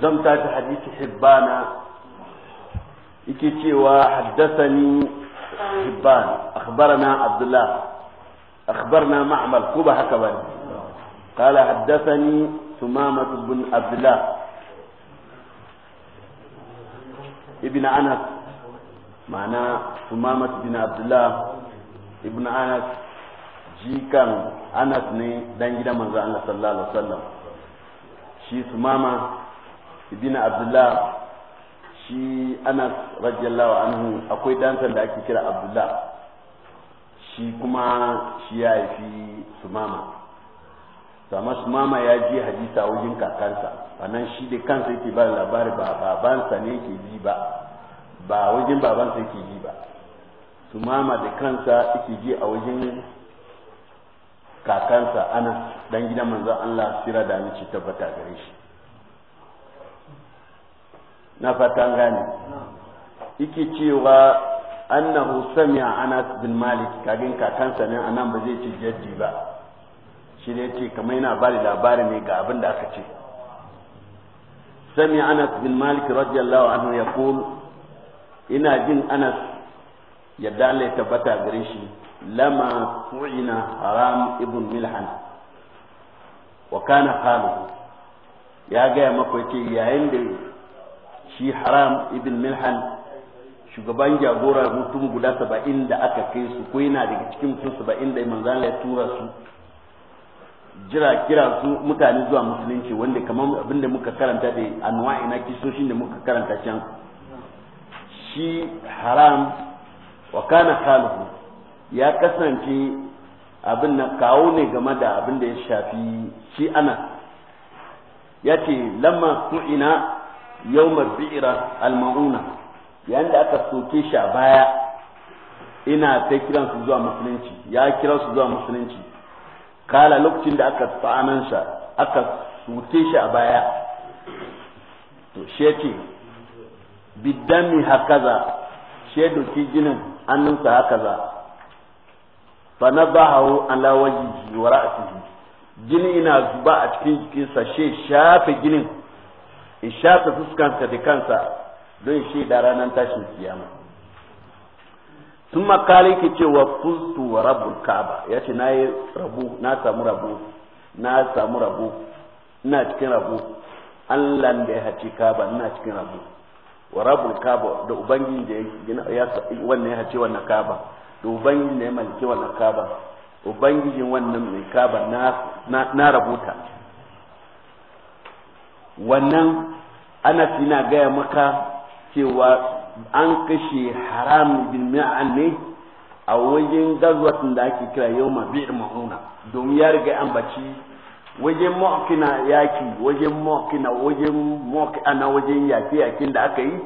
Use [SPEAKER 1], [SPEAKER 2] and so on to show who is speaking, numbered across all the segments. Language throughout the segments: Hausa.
[SPEAKER 1] zan tashi hadisi hibbana yake cewa haddasani hibban akhbarana abdullah akhbarna ma'mal ko ba haka ba قال حدثني ثمامة بن عبد الله ابن أنس معنى ثمامة بن عبد الله ابن أنس جيكان أنس ني دنجد من الله صلى الله عليه وسلم shi su mama ibn abdullah shi anas radiyallahu anhu akwai dansa da ake kira abdullah shi kuma shi ya haifi sumama sama sumama ya je hadisa wajen kakansa wannan shi da kansa yake ba labari ba babansa ne yake ji ba ba wajen babansa yake ji ba sumama da kansa yake ji a wajen kakansa anas dan gidan manzon Allah sira da ni ci tabbata gare shi na fatan gane yake cewa annahu sami'a anas bin malik kagin kakansa ne anan ba zai ci jaddi ba shi ne ce kamar yana ba da labari ne ga abin da aka ce sami anas bin malik radiyallahu anhu ya ina jin anas ya dalai tabbata gare shi lama su'ina haram ibn milhan wa kana qalu ya gaya maka yayin da shi haram ibn milhan shugaban jagora mutum guda saba'in da aka kai su ko yana daga cikin mutum saba'in da manzo Allah ya tura su jira kira su mutane zuwa musulunci wanda kamar abinda muka karanta da anwa'i na kisoshin da muka karanta can shi haram wa kana ya kasance abin na kawo ne game da abin da ya shafi shi ana ya ce lamma su'ina yau bi'ira al-ma'una yayin da aka soke shi a baya ina ta kiran su zuwa musulunci ya kira su zuwa musulunci kala lokacin da aka tsanan sa aka soke shi a baya to shi yace bidami hakaza shi doki jinin annunsa hakaza fa nabahu ala wajhihi wa ra'sihi jini ina zuba a cikin jikinsa she shafe ginin ishata fuskansa da kansa don shi da ranar tashin kiyama sun makali ke ce wa fustu wa rabbul kaba ya ce na yi rabu na samu rabu na samu rabu ina cikin rabu allah da ya haci kaba ina cikin rabu wa rabbul kaba da ubangiji da ya wannan ya haci wannan kaba da ubangiji da ya malki wannan kaba ubangijin wannan mai kaba na rabuta wannan ana tina gaya maka cewa an kashe haram bin ma'an ne a wajen gazwatin da ake kira yau ma bi'ir ma'una domin ya riga an baci wajen mokina yaki wajen mokina wajen mokina wajen yaki yakin da aka yi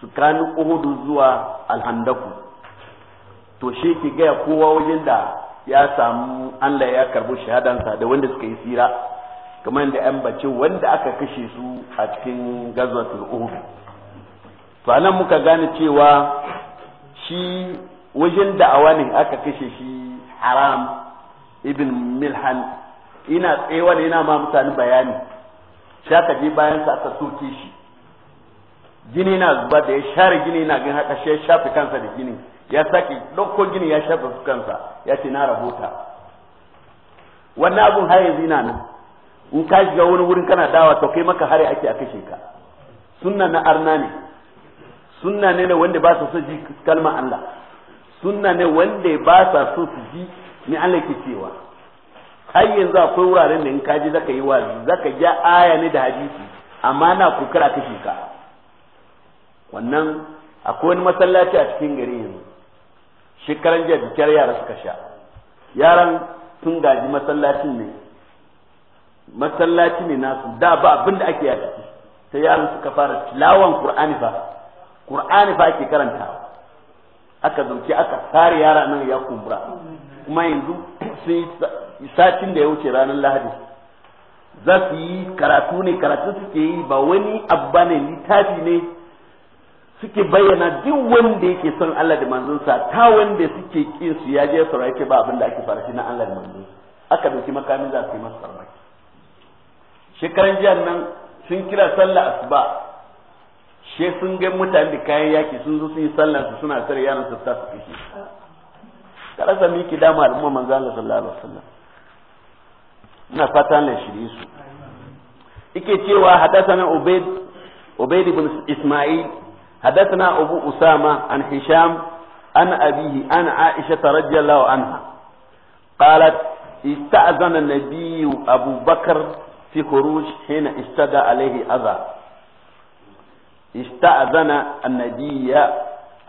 [SPEAKER 1] su kanu uhudu zuwa alhandaku to shi ki gaya kowa wajen da ya samu Allah ya karbi shahadansa da wanda suka yi tsira kamar da an bace wanda aka kashe su a cikin gazwatul uhud to anan muka gane cewa shi wajen da'awa ne aka kashe shi haram ibn milhan ina tsewa ne yana ma mutane bayani sha ka je bayan sa aka soke shi gini na zuba da ya share gini na gani haka shi ya shafe kansa da gini ya sake ɗauko gini ya shafe kansa ya ce na rahota wannan abun har yanzu na nan in ka shiga wani wurin kana dawa to kai maka hari ake a kashe ka sunna na arna ne sunna ne na wanda ba su so ji kalmar Allah sunna ne wanda ba sa so su ji ni Allah ke cewa ai yanzu akwai wuraren da in ka ji zaka yi wa zaka ja aya ne da hadisi amma na kokara kashe ka wannan akwai wani masallaci a cikin gari yanzu shekaran jiya da yara suka sha yaran tun gaji masallacin ne masallaci ne nasu da ba abin da ake yaki sai yaran suka fara tilawan qur'ani fa qur'ani fa ake karanta aka zuci aka fara yara nan ya kumbura kuma yanzu sai satin da ya wuce ranar lahadi za su yi karatu ne karatu suke yi ba wani abba ne littafi ne suke bayyana duk wanda yake son Allah da manzonsa ta wanda suke kin su ya je saurari ba abin da ake fara shi na Allah da manzonsa aka dauki makamin za su yi masa farmaki shekaran jiya nan sun kira sallah asuba she sun ga mutane da kayan yaki sun zo sun yi sallah su suna tare yaran su ta su kishi kada sa miki dama al'umma manzo Allah sallallahu alaihi wasallam ina fata Allah shirye su yake cewa hadathana ubayd ubayd ibn isma'il hadathana abu usama an hisham an abihi an aisha radhiyallahu anha qalat استأذن النبي أبو بكر fi khuruj hina istada alaihi adha ista'zana annabiyya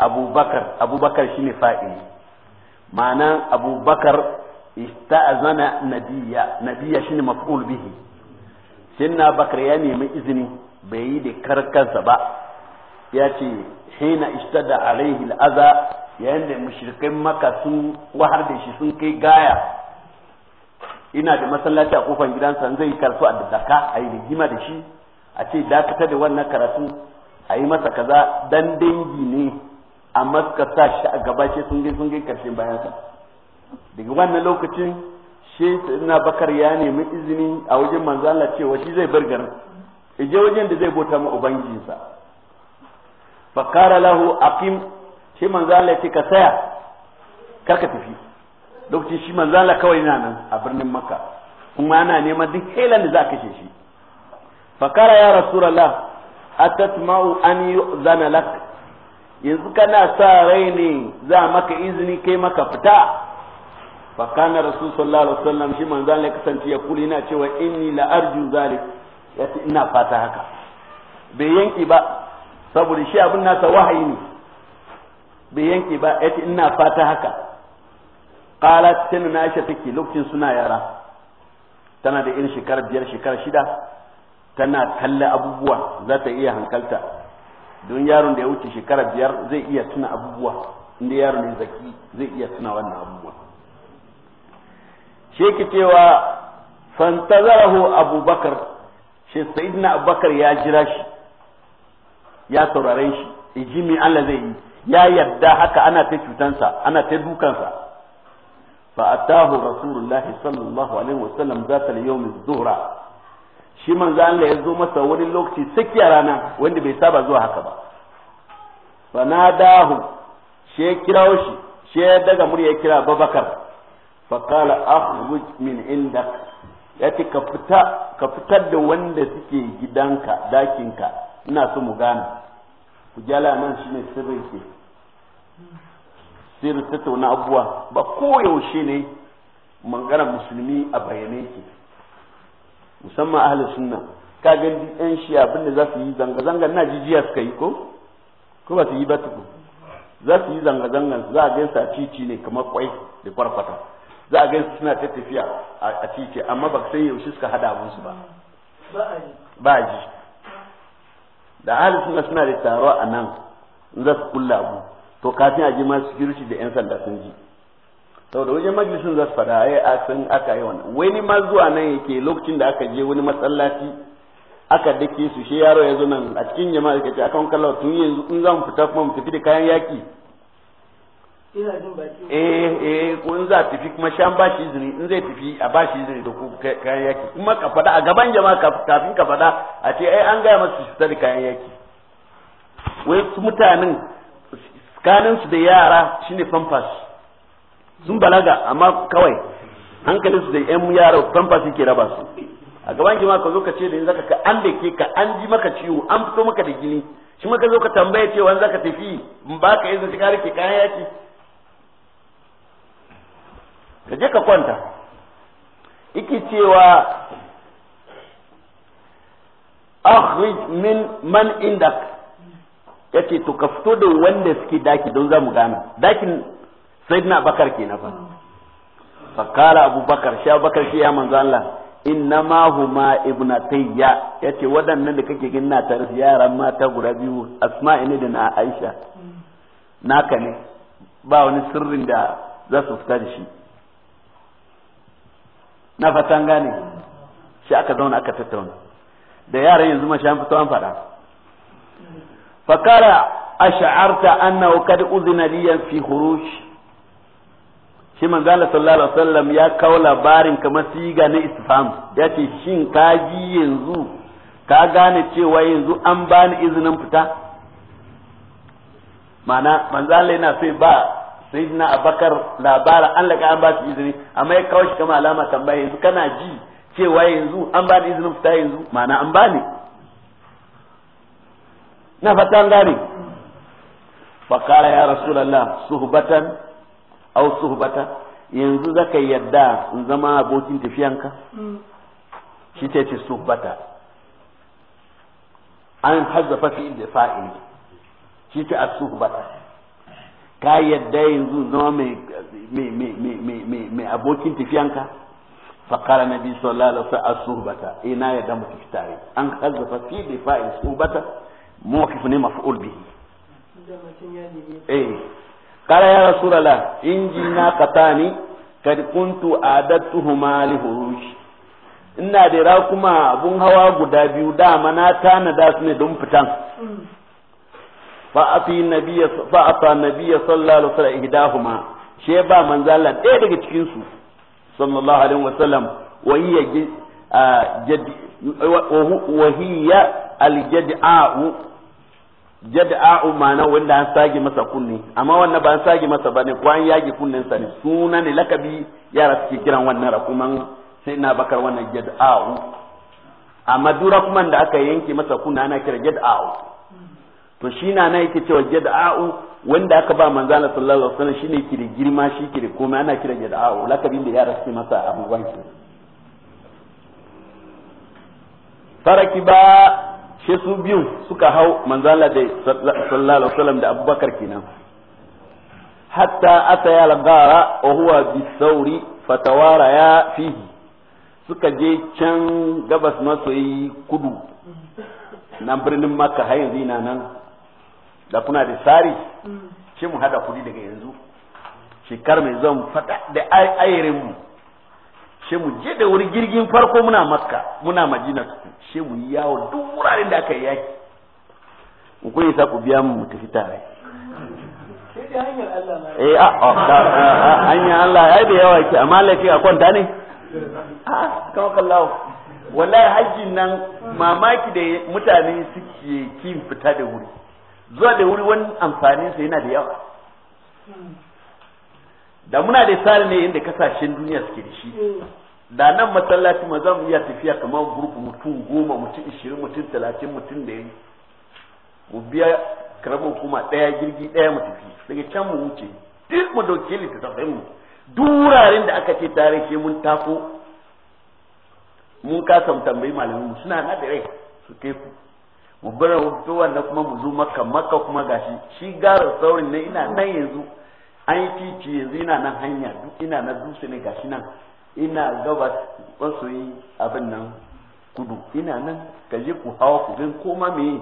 [SPEAKER 1] abubakar abubakar shine fa'ili ma'ana abubakar ista'zana nabiyya nabiyya shine maf'ul bihi sinna bakar ya nemi izini bai yi da karkansa ba yace ce hina istada alaihi al'aza yayin da mushrikai maka sun wahar da shi sun kai gaya ina da masallaci a kofar gidansa zai karatu a daka a yi rigima da shi a ce dakata da wannan karatu a yi masa kaza dan dangi ne amma suka sa shi a gaba shi sun gai sun gai karshen bayansa daga wannan lokacin shi na bakar ya nemi izini a wajen manzo Allah cewa shi zai bar garin je wajen da zai bota ma ubangijinsa fakara lahu aqim shi manzo Allah ya ce ka saya karka tafi lokacin shi Allah kawai na nan a birnin makka kuma ana neman duk helan da za a kashe shi fakara ya rasulullah atatma'u an yu'zana lak yanzu kana sa rai ne za maka izini kai maka fita fakana rasul sallallahu alaihi wasallam shi manzan ya kasance ya kuli na cewa inni la arju zalik yace ina fata haka bai yanki ba saboda shi abin nasa wahayi ne bai yanki ba yace ina fata haka qalat tana na aisha take lokacin suna yara tana da irin shekara biyar shekara shida tana kalla abubuwa za ta iya hankalta don yaron da ya wuce shekara biyar zai iya tuna abubuwa inda yaron ne zaki zai iya tuna wannan abubuwa shi ke cewa fantazarahu abubakar shi sayyidina abubakar ya jira shi ya saurare shi ijimi Allah zai yi ya yadda haka ana ta cutansa ana ta dukansa فأتاه رسول الله صلى الله عليه وسلم ذات اليوم الظهر shi manzo Allah ya zo masa wani lokaci tsakiyar rana wanda bai saba zuwa haka ba Bana nadahu shi ya kirawo shi shi ya daga murya ya kira Abubakar fa qala akhruj min indak yace ka fita da wanda suke gidanka dakinka ina so mu gane. ku jala nan shine sirrin ke tafsir tattauna abubuwa ba koyaushe ne mangana musulmi a bayyane ke musamman ahli sunna ka ga yan shi abinda za su yi zanga-zanga na jijiya suka yi ko ko ba su yi ba tuku za su yi zanga-zangan za a gaisa a cici ne kamar kwai da kwarfata za a gaisa suna ta tafiya a cici amma ba san yaushe suka hada abun su ba ba ji da ahli sunna suna da taro a nan za su kulla abu to kafin a ji ma security da yan sanda sun ji saboda wajen majalisun za su fada ai a san aka yi wannan wani ma zuwa nan yake lokacin da aka je wani masallaci aka dake su shi yaro ya zo nan a cikin jama'a yake ce wani kallon tun yanzu in za mu fita kuma mu tafi da kayan yaki eh eh kun za tafi kuma shan ba shi izini in zai tafi a ba shi izini da ku kayan yaki kuma ka fada a gaban jama'a kafin ka fada a ce ai an gaya masu su da kayan yaki wai mutanen tsakaninsu da yara shine pampas sun balaga amma kawai hankalinsu da yan yara pampas yake raba su a gaban ki ma ka zo ka ce da yanzu ka an da ke ka an ji maka ciwo an fito maka da gini shi ma ka zo ka tambaye cewa an zaka tafi in ba ka izini ka rike kayan yaki ka je ka kwanta iki cewa akhrij min man indak yace to ka fito da wanda suke daki don za mu gana dakin sayyidina bakar na fa fakara abubakar sha bakar shi ya manzo Allah inna ma huma ibnatayya yace waɗannan da kake gina na tare yaran mata guda biyu asma'i ne da na aisha naka ne ba wani sirrin da za su fita da shi na fatan gane shi aka zauna aka tattauna da yaran yanzu ma shi an fito an faɗa fakara ash'arta annahu kad uzina liyan fi khuruj shi manzo Allah sallallahu alaihi wasallam ya kawo labarin kamar siga na istifham yace shin ka ji yanzu ka gane cewa yanzu an bani izinin fita mana manzala yana sai ba sai a Abakar labarin an laka an ba su izini amma ya kawo shi kama alama tambaya yanzu kana ji cewa yanzu an bani izinin fita yanzu mana an bani na fatan gane fakara ya rasulallah suhbatan au suhbata yanzu zaka yadda in zama abokin tafiyanka shi ce ce suhbata an hazzafa fi inda fa'il shi ce a suhbata ka yadda yanzu zama mai abokin tafiyanka فقال النبي صلى الله عليه وسلم الصحبة إنا يدم تفتاري أن خلف في دفاع الصحبة mawakif ne maf'ul bihi eh kala ya rasulullah inji na katani kad kuntu adatuhuma li hurushi ina da ra kuma abun hawa guda biyu dama na tanada su ne don fitan mm. fa afi nabiyya fa ata nabiyya sallallahu alaihi wasallam ihdahuma she ba manzala ɗaya daga cikin su sallallahu alaihi wa hiya aljad'a'u jad'a'u ma'ana wanda an sage masa kunne amma wannan ba an sage masa bane ko an yage kunnen sa ne suna ne lakabi yara suke kiran wannan rakuman sai na bakar wannan jad'a'u amma dura kuma da aka yanke masa kunne ana kira jad'a'u to shi na na yake cewa jad'a'u wanda aka ba manzo Allah sallallahu alaihi wasallam shine yake da girma shi yake da komai ana kira jad'a'u lakabin da yara suke masa abubuwan ki farakiba shi su biyu suka hau manzala da sallallahu alaihi wasallam da abubakar kenan hatta ata ya lagara wa huwa bisauri fatawara ya fihi suka je can gabas masoyi kudu na birnin makka har yanzu ina nan da kuna da sari ce mm. mu hada kudi daga yanzu shekar mai zan fada da ayirin mu she mu je da wuri jirgin farko muna makka muna madina tukun she mu yi yawo duk wuraren da aka yi yaki mu kun sa ku biya mu mu tafi tare eh a hanyar Allah ya da yawa ki amma laifi a kwanta ne a kama kallawo wallahi hajjin nan mamaki da mutane suke kin fita da wuri zuwa da wuri wani amfanin sa yana da yawa hmm. da muna da tsari ne inda kasashen duniya suke da shi mm. da nan masallaci ma za mu iya tafiya kamar gurupu mutum goma mutum ishirin mutum talatin mutum da yi mu biya karamin kuma ɗaya jirgi ɗaya mu tafi daga can mu wuce duk mu dauke littattafai mu duk da aka ce tarihi mun tafo mun kasa mu tambayi malamin mu suna na da rai su kai ku mu bar fitowar na kuma mu zo maka maka kuma gashi shi gara saurin ne ina nan yanzu an yi yanzu ina nan hanya duk ina na dusu ne gashi nan ina gabas wasu yi abin nan kudu ina nan ka je ku hawa ku gan koma me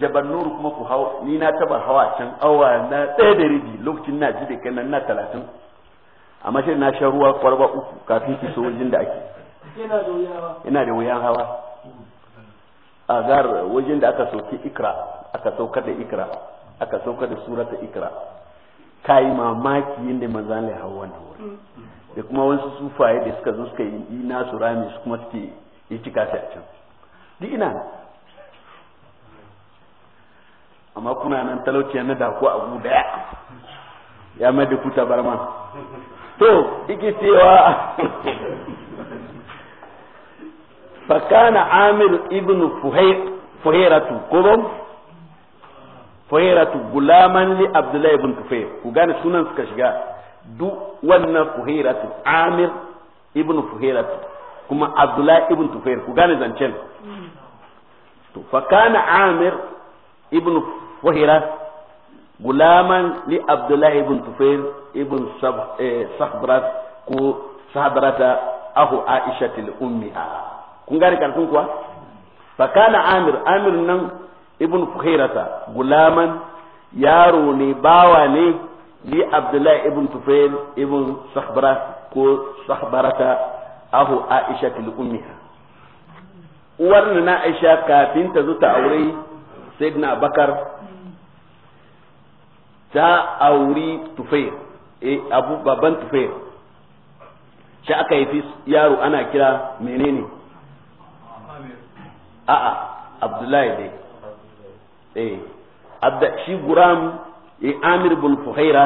[SPEAKER 1] jabar nuru kuma ku hawa ni na taba hawa can awa na ɗaya da rabi lokacin na ji da kai nan na talatin amma shi na sha ruwa kwarba uku kafin ki sojin da ake ina da wuyan hawa a gar wajen da aka soki ikra aka saukar da ikra aka saukar da surata ikra ka yi mamaki yadda manzo Allah ya hau wannan mm. da kuma wasu sufaye da suka zo suka yi ina su rami su kuma suke yi cika ta a can duk ina amma kuna nan talauci na da ko abu daya ya mai da kuta barma to ike cewa fakana amir ibn fuhairatu ko fuhairatu gulaman li abdullahi ibn Tufayl ku gane sunan suka shiga du wannan fuhairatu amir ibn fuhairatu kuma abdullahi ibn Tufayl ku gane zancen to fa kana amir ibn fuhaira gulaman li abdullahi ibn Tufayl ibn eh, sahbrat ku sahbrata ahu aisha til ummiha kun gane karfin kuwa fa kana amir amir nan ibn fuhairata gulaman yaro ne bawa ne li abdullahi ibn tufail ibn sahbara ko sahbarata ahu aisha til ummiha uwar na aisha kafin ta zuta aure sayyidina bakar ta auri tufail eh abu baban tufail shi aka yi yaro ana kira menene a'a abdullahi dai eh abda shi guram eh, amir bin fuhaira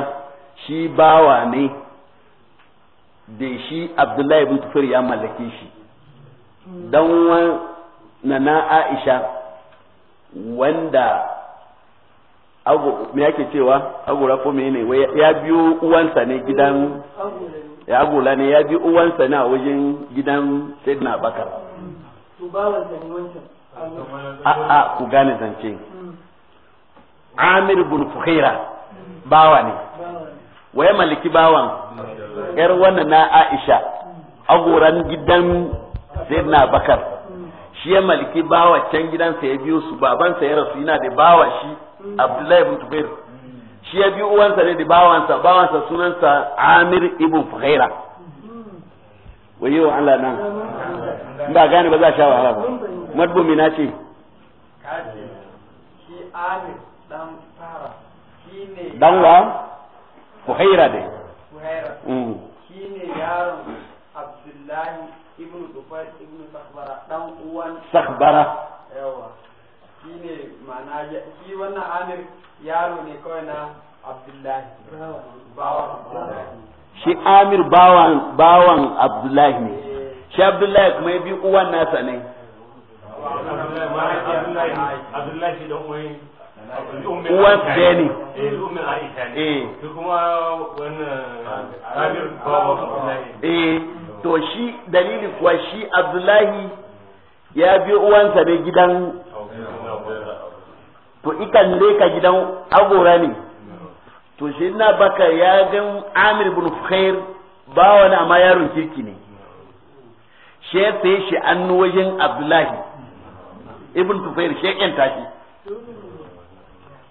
[SPEAKER 1] shi bawa ne da shi abdullahi bin tufair ya mallake shi dan na aisha wanda me yake cewa agura ko mene ya biyo uwansa ne gidan ya agula ne ya biyo uwansa ne a wajen gidan sayyidina bakar
[SPEAKER 2] a'a ku gane zance
[SPEAKER 1] Amir bin fukhira bawa ne waye maliki bawan yar wannan na Aisha goran gidan Sayyidina Bakar shi ya maliki bawa can gidansa ya biyo su babansa ya rasu yana da bawa shi Abdullahi bin Tufair shi ya biyo uwansa ne da bawansa bawansa sunansa Amir ibn fukhira waye wa Allah nan ba gane ba za sha wahala ba madbumi na ce dan wa kuhaira dai kuhaira mm. ne yaron abdullahi ibn dufair ibn sakhbara dan uwan sakhbara yawa shine ma'ana shi wannan amir yaro ne kawai na abdullahi bawa abdullahi shi amir bawan bawan abdullahi ne shi abdullahi kuma ya bi uwan nasa ne uwan ɗaya eh. eh to shi dalili kuwa shi abdullahi ya bi uwansa ne gidan to ikan leka gidan agora ne to shi na baka ya gan amir bin khair ba wani amma yaron kirki ne shi ya sai shi an wajen abdullahi ibn tufair shi ya shi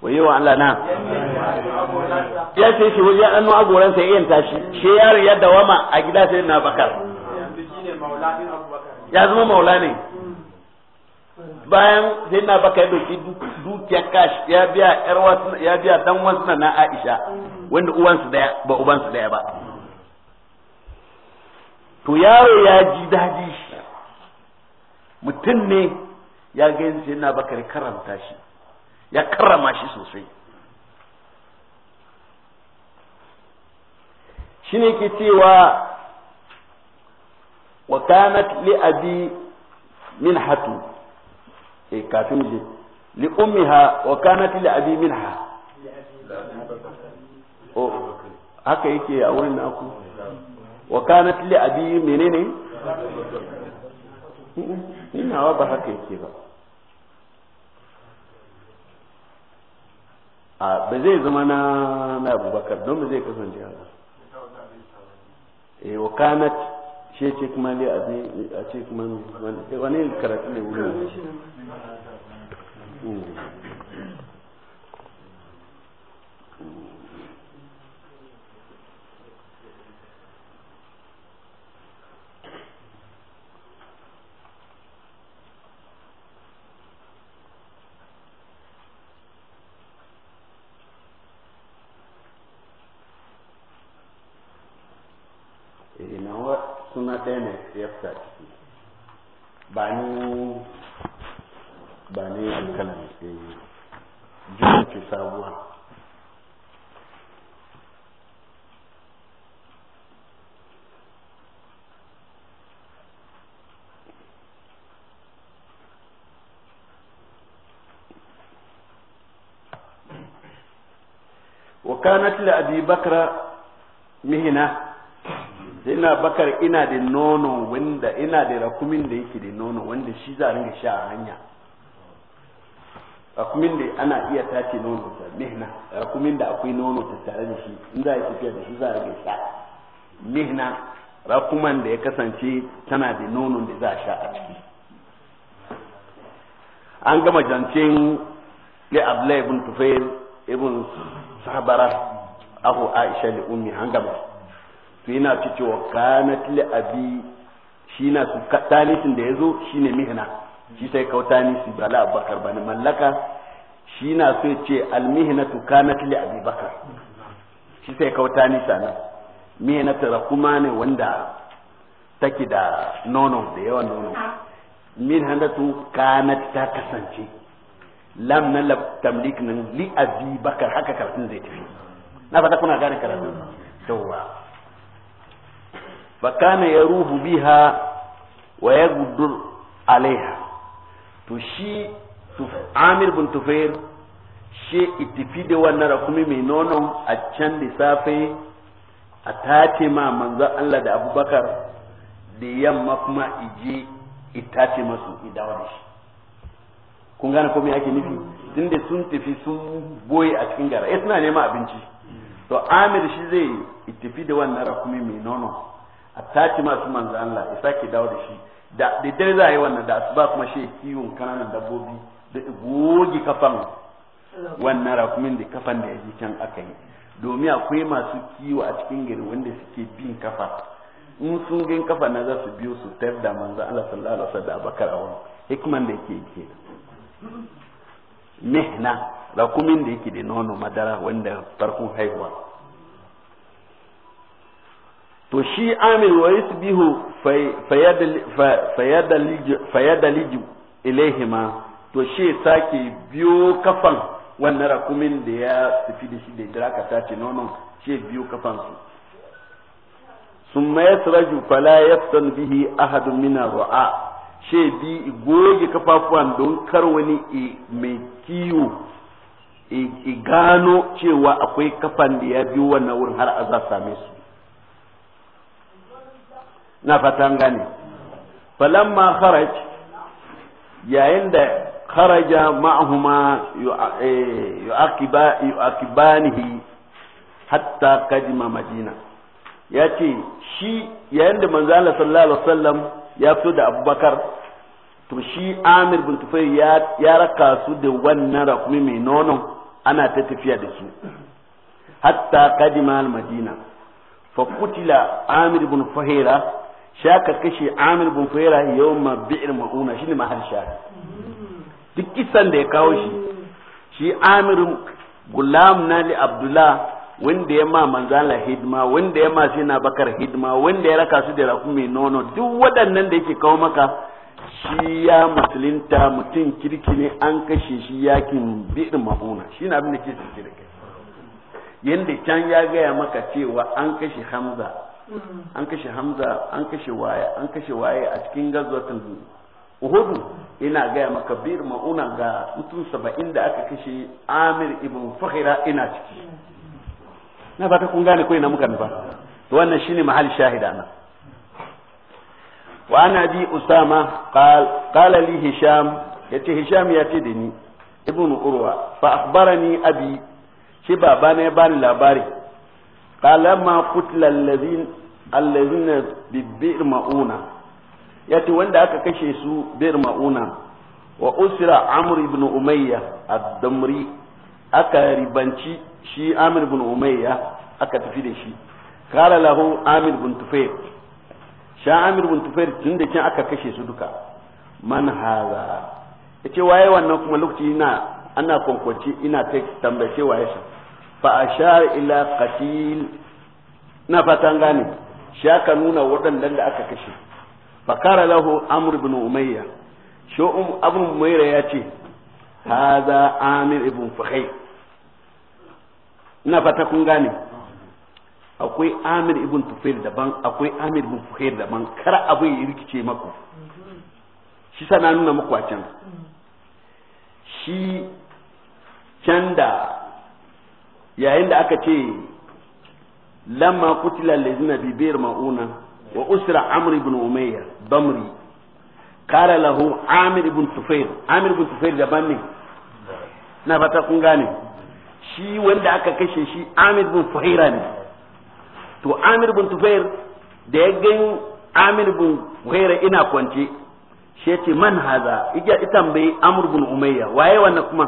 [SPEAKER 1] wayewa Allah na ya sai shi wajen annu agoran sai ya tashi shi yaro ya dawama a gida sai na bakar
[SPEAKER 2] ya zama maula
[SPEAKER 1] ne bayan sai na baka ya dauki dukiya kashi ya biya yar wasu ya biya dan wasu na Aisha wanda su daya ba su daya ba to yaro ya ji daji mutum ne ya ga sai yana bakar karanta shi ya karrama shi sosai shi ne ke cewa wa kanat li abi min hatu eh kafin je li ummiha wa kanat li abi minha oh yake a wurin naku wa kanat li abi menene ina ba haka yake ba a ba zai zama na shi ce kuma dai a ce kuma wani karatu ne wurin misli abi bakra mihina ina bakar ina da nono wanda ina da rakumin da yake da nono wanda shi za a ringa sha a hanya rakumin da ana iya tace nono ta mihna rakumin da akwai nono ta tare da shi in za a tafiya da shi za a ringa sha mihna rakuman da ya kasance tana da nono da za a sha a ciki an gama jancin ya abla ibn tufail ibn sabara abu aisha da ummi an gaba to yana ci wa kanat li abi shi na su tanisin da ya zo shi ne mihna shi sai kawo tanisi ba la abubakar ba ne mallaka shi na so ya ce almihnatu kanat li abi bakar shi sai kawo tanisa nan mihnatu kuma ne wanda
[SPEAKER 2] take da nono da yawan nono
[SPEAKER 1] min handatu kanat ta kasance lam na tamlik nan li abi bakar haka karatun zai tafi na fata kuna gane karatu yawa fa kana yaruhu biha wa yaghdur alaiha to shi Amir bin Tufair shi itifi da wannan rakumi mai nono a can da safe a tace ma manzon Allah da Abubakar da yamma kuma ije itace masu idawa da shi kun gane ko me ake nufi tunda sun tafi sun boye a cikin gara eh suna neman abinci to amir shi zai tafi da wannan rakumi mai nono a tace masu manzo Allah ya sake dawo da shi da dare za a yi wannan da asuba kuma shi kiwon kananan dabbobi da goge kafan wannan rakumin da kafan da ya ji can aka yi domin akwai masu kiwo a cikin gari wanda suke bin kafa in sun gan kafa na za su biyo su tafi da manzo Allah sallallahu alaihi wasallam da abakar a wani hikman da yake
[SPEAKER 2] kenan
[SPEAKER 1] mihna rakumin da yake da nono madara wanda farkon haihuwa to shi amir wa yusbihu fayadaliju ilaihima to shi sake biyo kafan wannan rakumin da ya tafi da shi da idraka ta ce nonon shi biyo kafan su summa yasraju fala san bihi ahadun mina ru'a shi bi goge kafafuwan don kar wani mai kiyo i gano cewa akwai kafan da ya biyo wannan wurin har azar za same su na fatan gane falamma kharaj yayin da kharaja ma'ahuma eh, yu'aqibanihi hatta kadima madina ya ce shi yayin da manzo Allah sallallahu alaihi wasallam ya fito da Abubakar to shi amir bin tufai ya raka su da wannan rakumi mai nono, ana ta tafiya da su hatta kadima al-madina fa kutila amir bin fahira shaka kashe amir bin fahira yawma bi'r mauna shine mahal sha. duk kisan da ya kawo shi shi amir gulam na li abdullah wanda ya ma manzala hidima wanda ya ma sina bakar hidima wanda ya raka su da rakumi mai nono duk waɗannan da yake kawo maka shi ya musulunta mutum kirki ne an kashe shi yakin biɗin ma'una shi na abin da ke cike da kai yadda can ya gaya maka cewa an kashe hamza mm. an kashe hamza an kashe waye an kashe waye a cikin gazwatul uhudu ina gaya maka bir ma'una ga mutum saba'in da aka kashe amir ibn fahira ina ciki mm. na ba ta kun gane ko ina muka nufa wannan shine mahal shahida na wa ana bi usama qala li hisham yace hisham ya ce da ni ibn urwa fa akhbarani abi shi baba ne bani labari qala ma qutila alladhin alladhina bi bi'r mauna yace wanda aka kashe su bi'r mauna wa usira amr ibn umayya ad-damri aka ribanci shi amir ibn umayya aka tafi da shi qala lahu amir ibn tufayl sha amir bin tufayr tun da can aka kashe su duka man haza yace ce waye wannan kuma lokaci ina ana kwankwanci ina ta tambace waye shi fa ashar ila qatil na fatan gane shi aka nuna waɗannan da aka kashe fa kara lahu amr bin umayya sho um abun umayra ya ce haza amir ibn fakhay na fata kun gane akwai amir ibn tufail daban akwai amir ibn fuhair daban kar abin ya rikice maku shi sana nuna maku a can shi can da yayin da aka ce lamma kutila lazina bibir ma'una wa usra amr ibn umayya damri kala lahu amir ibn tufail amir ibn tufail daban ne na fata kun gane shi wanda aka kashe shi amir ibn fuhaira ne to amir bin tufair da ya gani amir bin ghaira ina kwance shi ya ce man haza ija ita tambayi amr bin umayya waye wannan kuma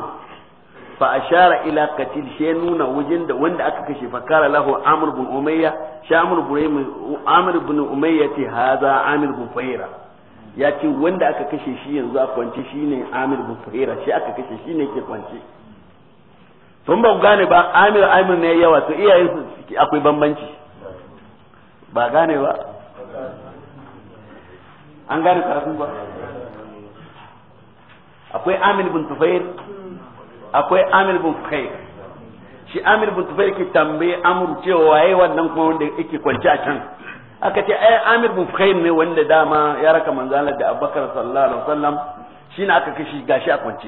[SPEAKER 1] fa ashara ila katil shi nuna wajen da wanda aka kashe fa kara lahu amr bin umayya shi amr bin amr bin umayya ce haza amir bin fuhaira ya ce wanda aka kashe shi yanzu a kwance shi ne amir bin fuhaira shi aka kashe shi ne ke kwance tun ba gane ba amir amir ne yawa to iyayen su akwai bambanci ba gane ba an gane karatu ba akwai amil bin Tufayir? akwai amil bin fukair shi amil bin Tufayir ke tambaye amur cewa waye wannan kuma wanda yake kwanci a can aka ce ai eh, amir bin fukair ne wanda dama ya raka manzala da abubakar sallallahu alaihi wasallam shine aka kashi gashi a kwance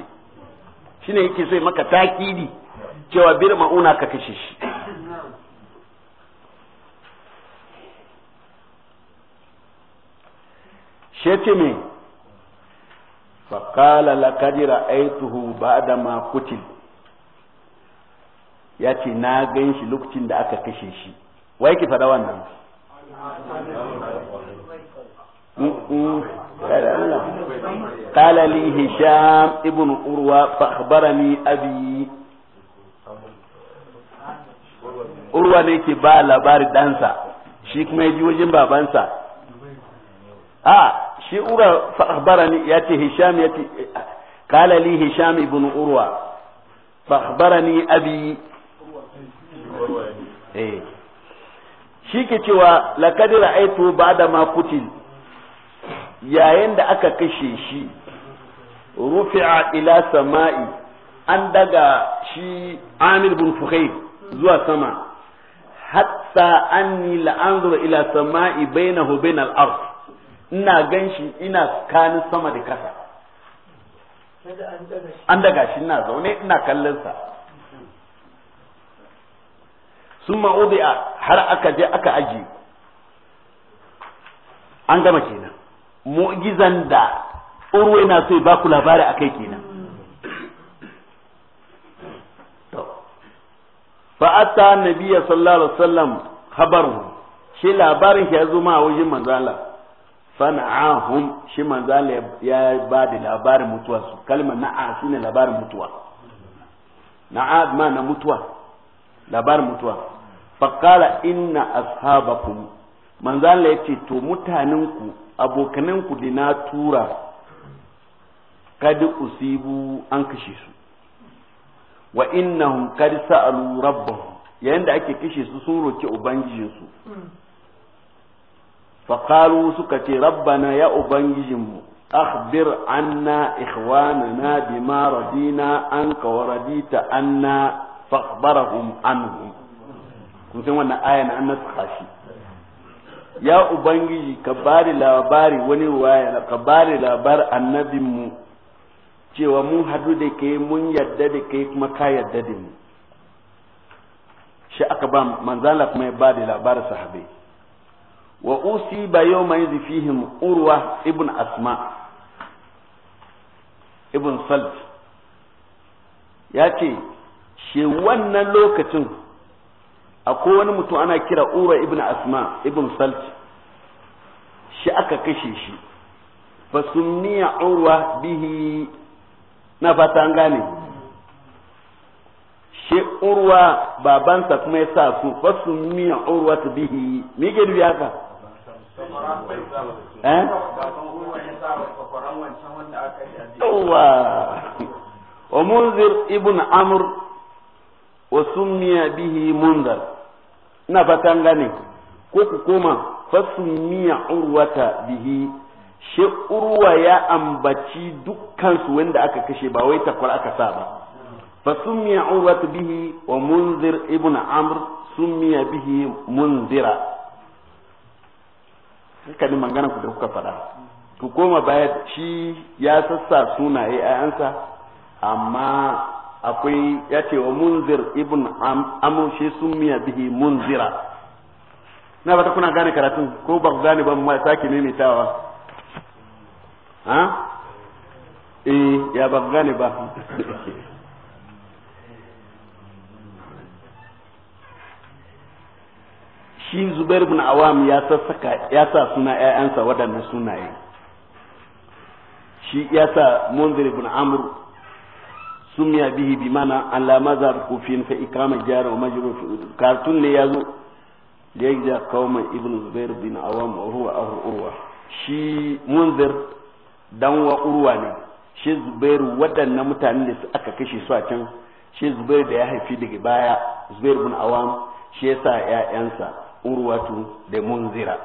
[SPEAKER 1] shine yake so maka takidi cewa bir mauna ka kashe shi shi ce me faƙala lakadira aituhu ba da ma kutil ya ce na gan shi lokacin da aka kashe shi wai ki faɗa wannan قال لي هشام ابن أروى فأخبرني abi urwa ne ke ba labari dansa shi kuma ya ji wajen babansa a ah, shi ura fa akhbarani yace hisham yace qala li hisham ibn urwa fa akhbarani abi eh shi ke cewa laqad ra'aytu ba'da ma qutil yayin da aka kashe shi rufi'a ila sama'i an daga shi amir bin fuhayr zuwa sama hatta anni la'anzur ila sama'i bainahu bainal ardh ina gan shi ina kanin sama da kasa an daga shi ina zaune ina kallon sa sun a har aka je aka aji an gama kenan mu'jizan da urwe na so ya baku labari a kai kenan fa'atta nabiya sallallahu alaihi wasallam habaru shi labarin shi ya zo ma a wajen manzala fana'ahum shi manzala ya ba da labarin mutuwa su kalmar na'a shine labarin mutuwa na'a ma na mutuwa labarin mutuwa faqala inna ashabakum ya yace to ku abokananku da na tura kad usibu an kashe su wa innahum kad sa'alu rabbahum yayin da ake kashe su sun roki ubangijinsu hmm. faƙaru suka ce rabbana ya ubangijinmu akhbir anna ikhwanana bima radina an kawaradita anna fakhbarahum anhum kun san wannan aya na annas khashi ya ubangiji ka bari labari wani waya ka bari labar annabinmu cewa mun hadu da kai mun yadda da kai kuma ka yadda da mu shi aka kuma bada labarin sahabai wa usiba yawma idh fihim urwa ibn asma ibn salt ya ce she wannan lokacin akwai wani mutum ana kira urwa ibn asma ibn salt shi aka kashe shi fa sunniya urwa bihi na fata an gane shi urwa babansa kuma ya sa su fa sunniya urwa bihi me ke haka
[SPEAKER 2] Eh? Eh?
[SPEAKER 1] wa munzir ibn amr wa sumiya bihi munzar ina fatan gane ko ku koma fasumiya urwata bihi shi ya ambaci dukkansu wanda aka kashe ba wai takwar aka sa ba fasumiya urwata bihi wa munzir ibn amr sumiya bihi munzira dukkanin maganar ku da kuka faɗa ku koma baya shi ya sassa sunaye ayansa amma akwai ya ce wa munzir ibn amu shi sun miya bihi munzira na bata kuna gane karatun ko ba ku gane ba mu sake maimaitawa ha eh ya ba gane ba shi zubair bin awam ya sassaka ya sa suna ƴaƴansa waɗannan sunaye shi ya sa munzir bin amr sumiya bihi bi mana za maza kufin fa ikama jara wa majrur kartun ne yazo da ya ga kawman ibn zubair bin awam ahru urwa shi munzir dan wa urwa ne shi zubair waɗannan mutanen da aka kashe su a can shi zubair da ya haifi daga baya zubair bin awam shi yasa 'ya'yansa. urwatu da munzira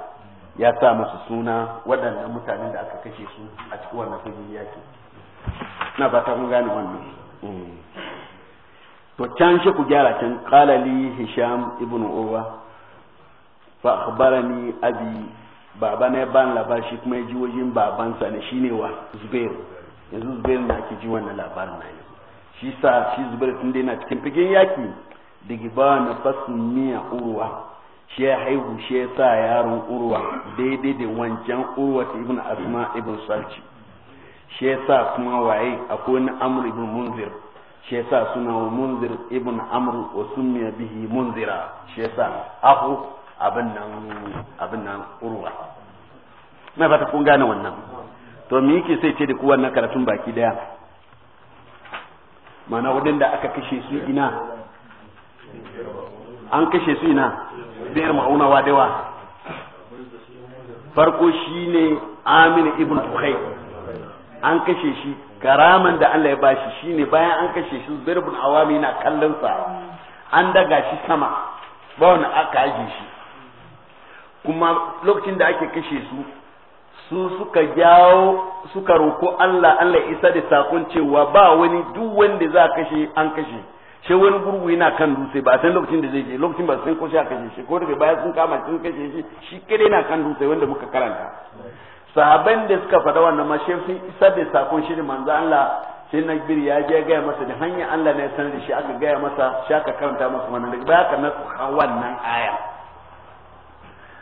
[SPEAKER 1] ya sa musu suna waɗannan mutanen da aka kashe su a cikin wannan fili yaki na ba ta mun gane wannan eh. to can shi ku gyara can qala li hisham ibnu urwa fa akhbarani abi baba ne ban labashi kuma ji wajen babansa ne shine wa zubair yanzu zubair na ke ji wannan labarin na shi sa shi zubair tun dai na cikin fikin yaki digiba na fasmiya urwa shi ya haihu shi ya sa yaron urwa daidai da wancan urwa ta ibn asma ibn salci shi ya sa kuma waye akwai na amr ibn munzir shi ya sa suna wa munzir ibn amr wa sumiya bihi munzira shi ya sa ahu abin nan abin nan urwa na fata kun gane wannan to me yake sai ce da ku wannan karatun baki daya ma'ana wadanda aka kashe su ina an kashe su ina da ma'auna wa dawa farko shine Amin ibn Tukhai an kashe shi karaman da Allah ya bashi shine bayan an kashe shi Zubair ibn Awami na kallon sa an daga shi sama ba wani aka aje shi kuma lokacin da ake kashe su su suka jawo suka roko Allah Allah isa da sakon cewa ba wani duk wanda za kashe an kashe sai wani gurgu yana kan dutse ba a san lokacin da zai je lokacin ba san ko kashe shi ko daga baya sun kama sun kashe shi shi kade yana kan dutse wanda muka karanta sahaban da suka faɗa wannan ma sai isar da sakon shi manzo Allah sai na bir ya je gaya masa da hanyar Allah ne sanar da shi aka gaya masa shi aka karanta masa wannan daga baya ka nasa wannan aya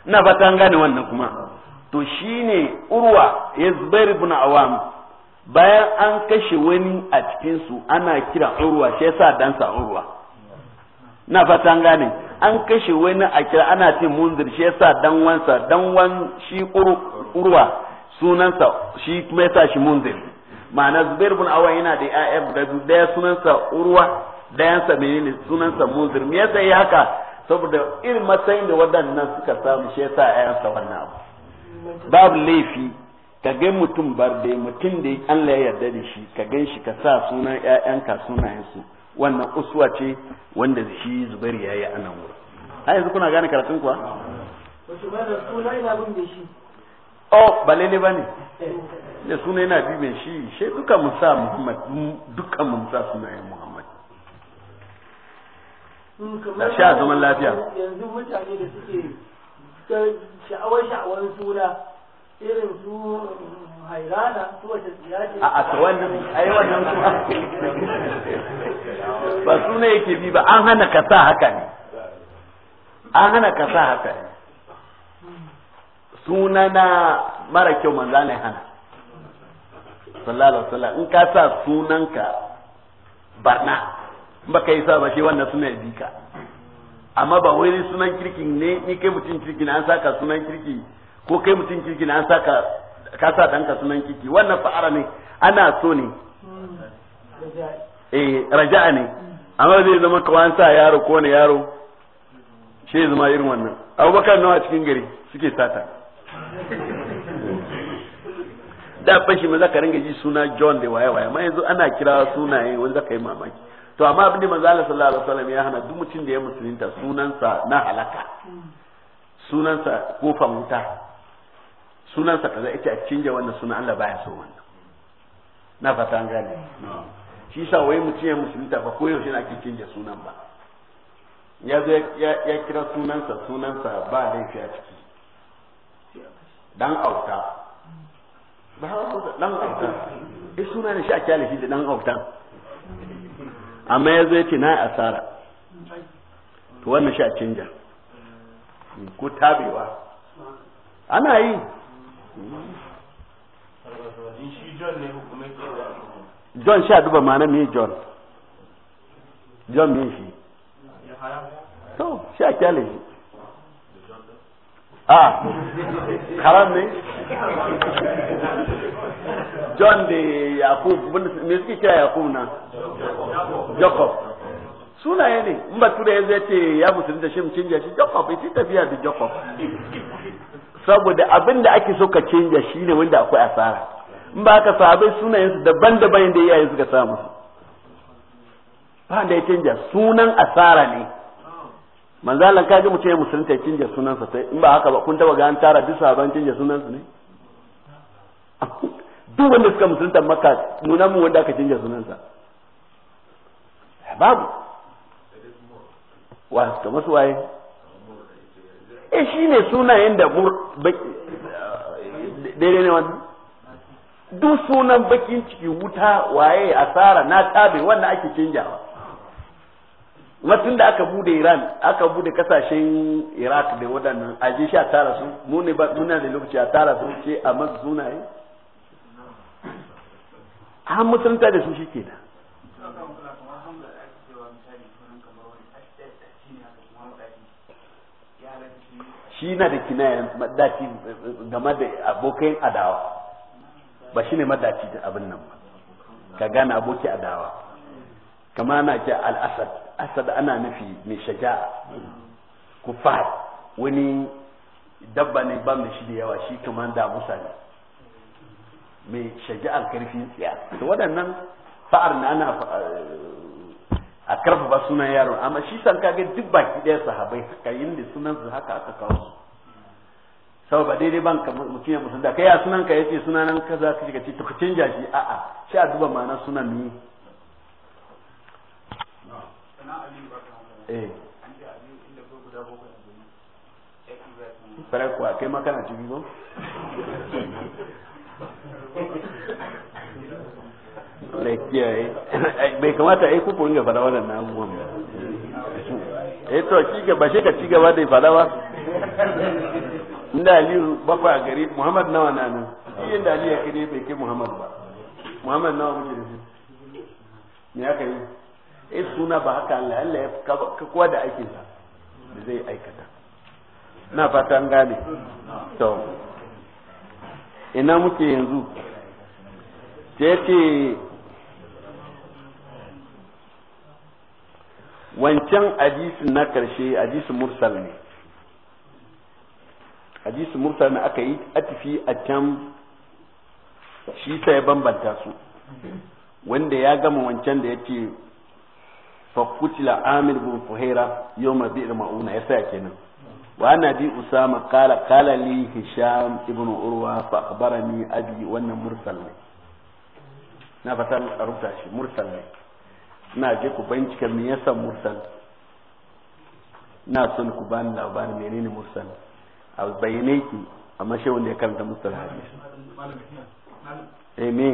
[SPEAKER 1] na fata an gane wannan kuma to shine urwa ya ibn awam bayan an kashe wani a cikinsu ana kira urwa shi yasa dansa urwa na fatan gane an kashe wani a kira ana cin munzir shi yasa dan wansa dan wan shi urwa sunansa shi kuma yasa shi munzir ma'ana zubair bin awa yana da ya'ya guda biyu daya sunansa urwa dayansa menene sunansa munzir me yasa yi haka saboda irin matsayin da waɗannan suka samu shi yasa ƴaƴansa wannan abu babu laifi ka ga mutum bar barde mutum da Allah ya yarda da shi ka gan shi ka sa sunan ƴaƴanka sunayensu wannan uswa ce wanda shi Zubairu ya yi anan wurin har yanzu kuna gane karatun kuwa Oh, ba ne ba ne. Da suna yana bi mai shi, shi duka mun sa Muhammad, duka mun sa sunayen Muhammad.
[SPEAKER 2] Hmm, da sha zaman lafiya. Yanzu mutane da suke sha'awar sha'awar suna, irin su um, hairana su wace tsiyaci a a wannan ai wannan su
[SPEAKER 1] ba su ne yake bi ba an hana ka sa haka ne an hana ka sa haka ne sunana mara kyau manzo ne hana sallallahu alaihi in ka sa sunanka barna in kai sa ba shi wannan suna ya ka amma ba wai sunan kirkin ne ni kai mutum kirkin an saka sunan kirki ko kai mutum kirki na an sa ka ka sa danka sunan kirki wannan fa'ara ne ana so ne eh raja'a ne amma zai zama kawai an sa yaro ko ne yaro she ya zama irin wannan abubakar nawa cikin gari suke sata da fashi maza zaka ringa ji suna John da waye waye amma yanzu ana kira sunaye wanda zaka yi mamaki to amma abin da manzo Allah sallallahu alaihi wasallam ya hana duk mutum da ya musulunta sunansa na halaka sunansa kofa wuta sunansa kaza ita a canja wannan sunan Allah baya so wannan na fata an gane shi sa wai mutum ya musulunta ba ko yaushe ake cinje sunan ba ya zo ya kira sunansa sunansa ba laifi a ciki dan auta ba dan auta eh suna ne shi a kyale shi da dan auta amma ya zo ya ce na asara to wannan shi a cinja. Hmm, ko tabewa ana yi john sha duba mana me john john me shi to sha kyale shi a haram ne john da yakub me suke kira yakub na jacob sunaye ne in ba tura ya zai ce ya musulunta shi mu canja shi jacob ita tafiya da jacob saboda abin da ake so ka canja shine wanda akwai asara in ba ka sahabai su daban-daban yadda iyayen suka samu ba da ya canja sunan asara ne manzalan kaji mutum ya musulunta ya canja sunansa sai in ba haka ba kun taba ga an tara duk sahaban canja su ne duk wanda suka musulunta maka nuna mu wanda aka canja sunansa babu wa kamar su waye Eh, shi ne sunayen da mur daidai ne wannan duk sunan bakin ciki wuta waye asara na tabe wanda ake canjawa matun da aka bude Iran aka bude kasashen Iraq da waɗannan aje shi a tara su muni ne ba muna da lokaci a tara su ce a masu sunaye an mutunta da su shi kenan shi na da kinaya madaci game da abokan adawa ba shi ne madaci da abin nan ba ka gane aboki adawa kama na ce al'asad asad ana nufi mai shaja'a kufar wani dabba ne ba mai shi da yawa shi kama da ne mai shaja'ar karfi tsiya to waɗannan fa'ar na ana a karfafa sunan yaron amma shi san kaga duk baki ɗaya sahabai haka da sunan su haka aka kawo su sau ba daidai ban mutum ya musu da kai a sunan ka yace sunan kaza ka ce ta ku canja shi a'a shi a duba ma'ana sunan ne eh
[SPEAKER 2] sarai kuwa kai ma kana ciki ko Allah kiyaye bai kamata ai
[SPEAKER 1] kuku ringa fada wannan na abubuwan ba eh to ga ka ci gaba da fada ba inda Aliyu bakwai a gari Muhammad nawa na nan shi inda Aliyu ya kire bai kai Muhammad ba Muhammad nawa muke da shi me aka yi eh suna ba haka Allah Allah ya kowa da aikin sa da zai aikata na fata gane to ina muke yanzu ce ce wancan hadisin na karshe hadisin mursal ne hadisin mursal ne aka yi atifi a can shi ta ya bambanta su wanda ya gama wancan da ya ce fakutila amir bin fuhaira yau ma ma'una ya sa kenan wa ana bi usama kala kala li hisham ibn urwa fa akhbarani abi wannan mursal ne na fatan rubuta shi mursal ne na je ku bincika me yasa mursal na son ku bani labarin menene mursal a bayyane ki amma shi wanda ya karanta mursal hadis eh me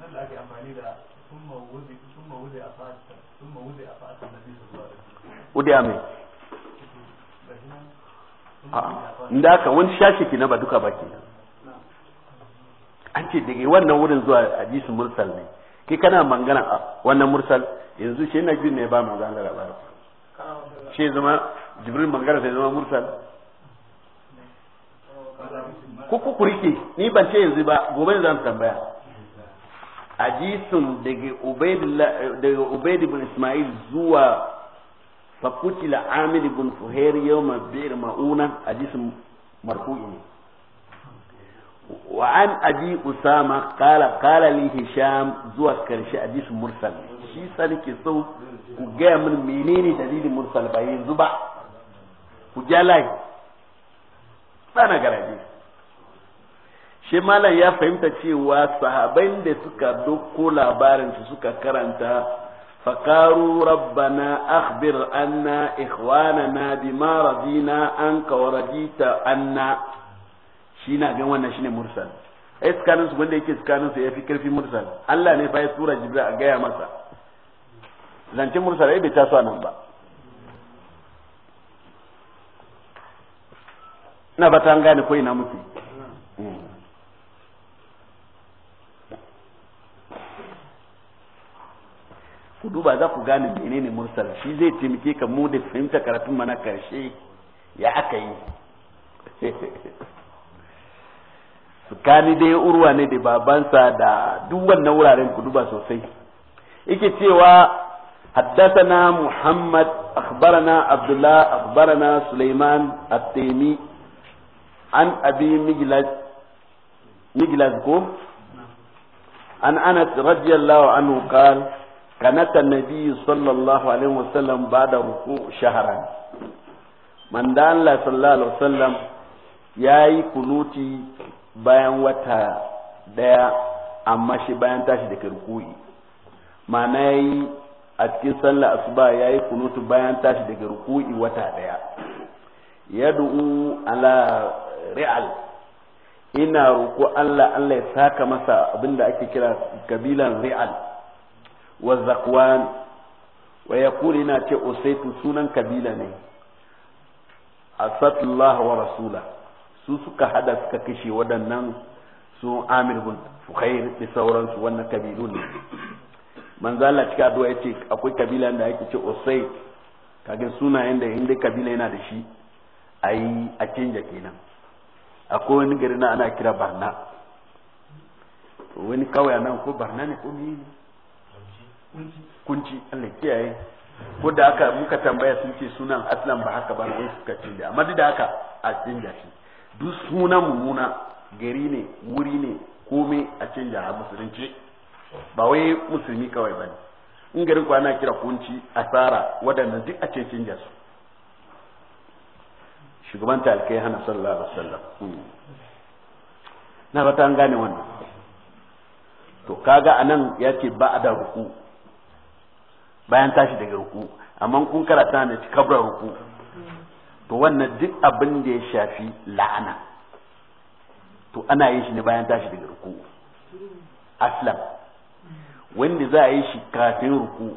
[SPEAKER 1] nan da ake amfani da summa wuzi summa wuzi a fa'a summa wuzi a fa'a nabi sallallahu alaihi wasallam udiya me inda ka wani shashi ki na ba duka ba kenan an ce daga wannan wurin zuwa hadisin mursal ne ki kana mangana a wannan mursal yanzu shi na jin ne ba zanga da labari shi zama jibril mangana sai zama mursal ku ku kurike ni ban ce yanzu ba gobe zan tambaya ajisun daga Ubaid ibn Ismail zuwa fakutila Amir ibn Fuhair yawma bir mauna ajisun marfu'i wa an abi usama kala kala li hisham zuwa karshe hadis mursal shi sa ke so ku gaya min menene dalilin mursal ba yanzu ba ku ja layi sana garaje shi malam ya fahimta cewa sahabai da suka doko labarin su suka karanta fakaru rabbana akhbir anna ikhwanana bima radina anka wa radita anna shi na gan wannan shine mursal ai tsakanin su wanda yake tsakanin su yafi karfi mursal Allah ne fa ya tura jibril a gaya masa zancen mursal ai bai taso nan ba ina ba ta gane ko ina muke hmm. ku duba za ku gane menene mursal shi zai taimake ka mu da fahimta karatun mana karshe ya aka yi tsakani dai urwa ne da babansa da duk wannan wuraren ku duba sosai yake cewa حدثنا محمد أخبرنا عبد الله أخبرنا سليمان التيمي عن أبي مجلس مجلس عن أنس رضي الله عنه قال كانت النبي صلى الله عليه وسلم بعد ركوع شهرا من دان الله صلى الله عليه وسلم ياي كنوتي bayan wata daya amma shi bayan tashi daga ruku'i ma'ana yayi a cikin sallah asuba ya yayi kunutu bayan tashi daga ruku'i wata daya yad'u ala ri'al ina roƙo Allah Allah ya saka masa abinda ake kira kabilan ri'al wa zakwan wa na ce usaitu sunan kabila ne asatullah wa rasula. su suka hada suka kashe waɗannan su amir bin fuhair da sauransu wannan kabilu ne Allah cika addu'a yace akwai kabila da yake ce osai kage sunayen da inda kabila yana da shi ayi a canja kenan akwai wani gari na ana kira barna wani kawai nan ko barna ne ko mini kunci Allah kiyaye ko da aka muka tambaya sun ce sunan aslan ba haka ba wai suka canja amma duk da haka a canja shi duk sunan mummuna gari ne wuri ne komai a canja a musulunci ba wai musulmi kawai ba ne in garin ku ana kira kunci asara waɗannan duk a ce canja su shugaban talikai hana sallallahu alaihi wasallam hmm. na ba an gane wannan to kaga anan ya ce ba a da ruku bayan tashi daga ruku amma kun karata ne ci kabrar ruku to wannan duk abin da ya shafi la'ana to ana yin shi ne bayan tashi daga ruku aslam wanda za a yi shi kafin ruku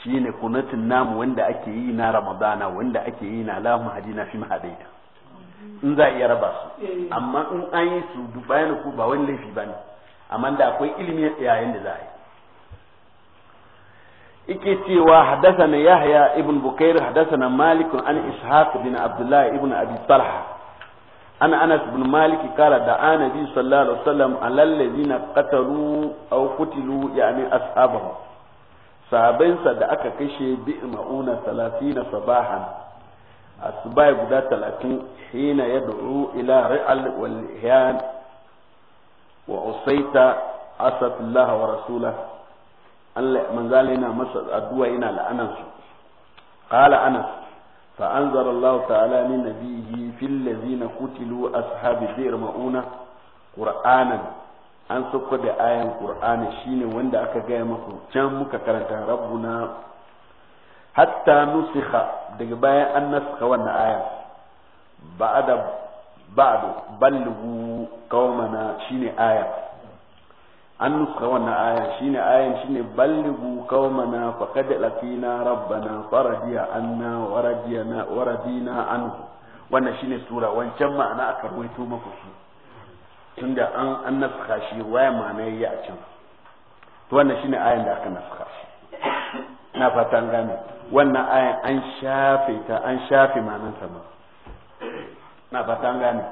[SPEAKER 1] shi ne kunatin namu wanda ake yi na ramadana wanda ake yi na lamu hadina fi mahadaita in za a iya raba su amma in an yi su bayan ruku ba wani laifi ba ne amma da akwai ilimin yayin da za a yi yake cewa hadathana yahya ibn bukair hadathana malik an ishaq bin abdullah ibn abi talha ana anas ibn malik kala da annabi sallallahu alaihi wasallam alal ladina qatalu aw qutilu yani ashabahu sahabansa da aka kashe bi mauna 30 sabahan asbai guda 30 hina yad'u ila ri'al wal ihyan wa usaita asat Allah wa rasulahu Allah manzala yana masa addu'a yana la'anan su qala anas fa anzara Allah ta'ala min nabiyhi fil ladzina qutilu ashabi dhir mauna qur'anan an sauko da ayan qur'ani shine wanda aka gaya maku can muka karanta rabbuna hatta nusikha daga bayan an nasakha wannan ayan ba'da ba'du ballighu qaumana shine ayan an nuska wannan aya shine ayan shine ballighu qaumana faqad lafina rabbana faradiya anna waradiyana waradina anhu wannan shine sura wancan ma'ana aka ruwaito muku shi tunda an an naska shi waya ma'ana yayi a can to wannan shine ayan da aka nuska shi na fatan gane wannan ayan an shafe ta an shafe ma'anar ta ma na fatan gane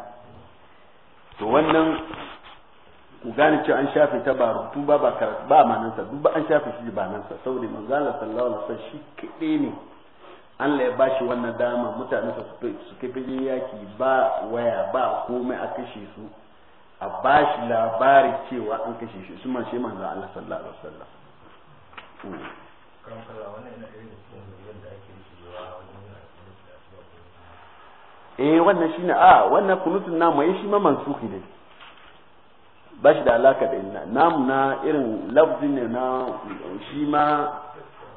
[SPEAKER 1] to wannan ku gane cewa an shafe ta ba rubutu ba ba karatu ba sa duk ba an shafe shi ba sa saboda Allah sallallahu alaihi wasallam shi kade ne Allah ya bashi wannan dama mutane su su kafi yaki ba waya ba komai a kashe su a bashi labari cewa an kashe shi su man shi manzo Allah sallallahu alaihi wasallam eh wannan shine a wannan kunutun namu yayi shi ma mansuhi ne ba shi da alaka da inna namu na irin lafzin ne na shi ma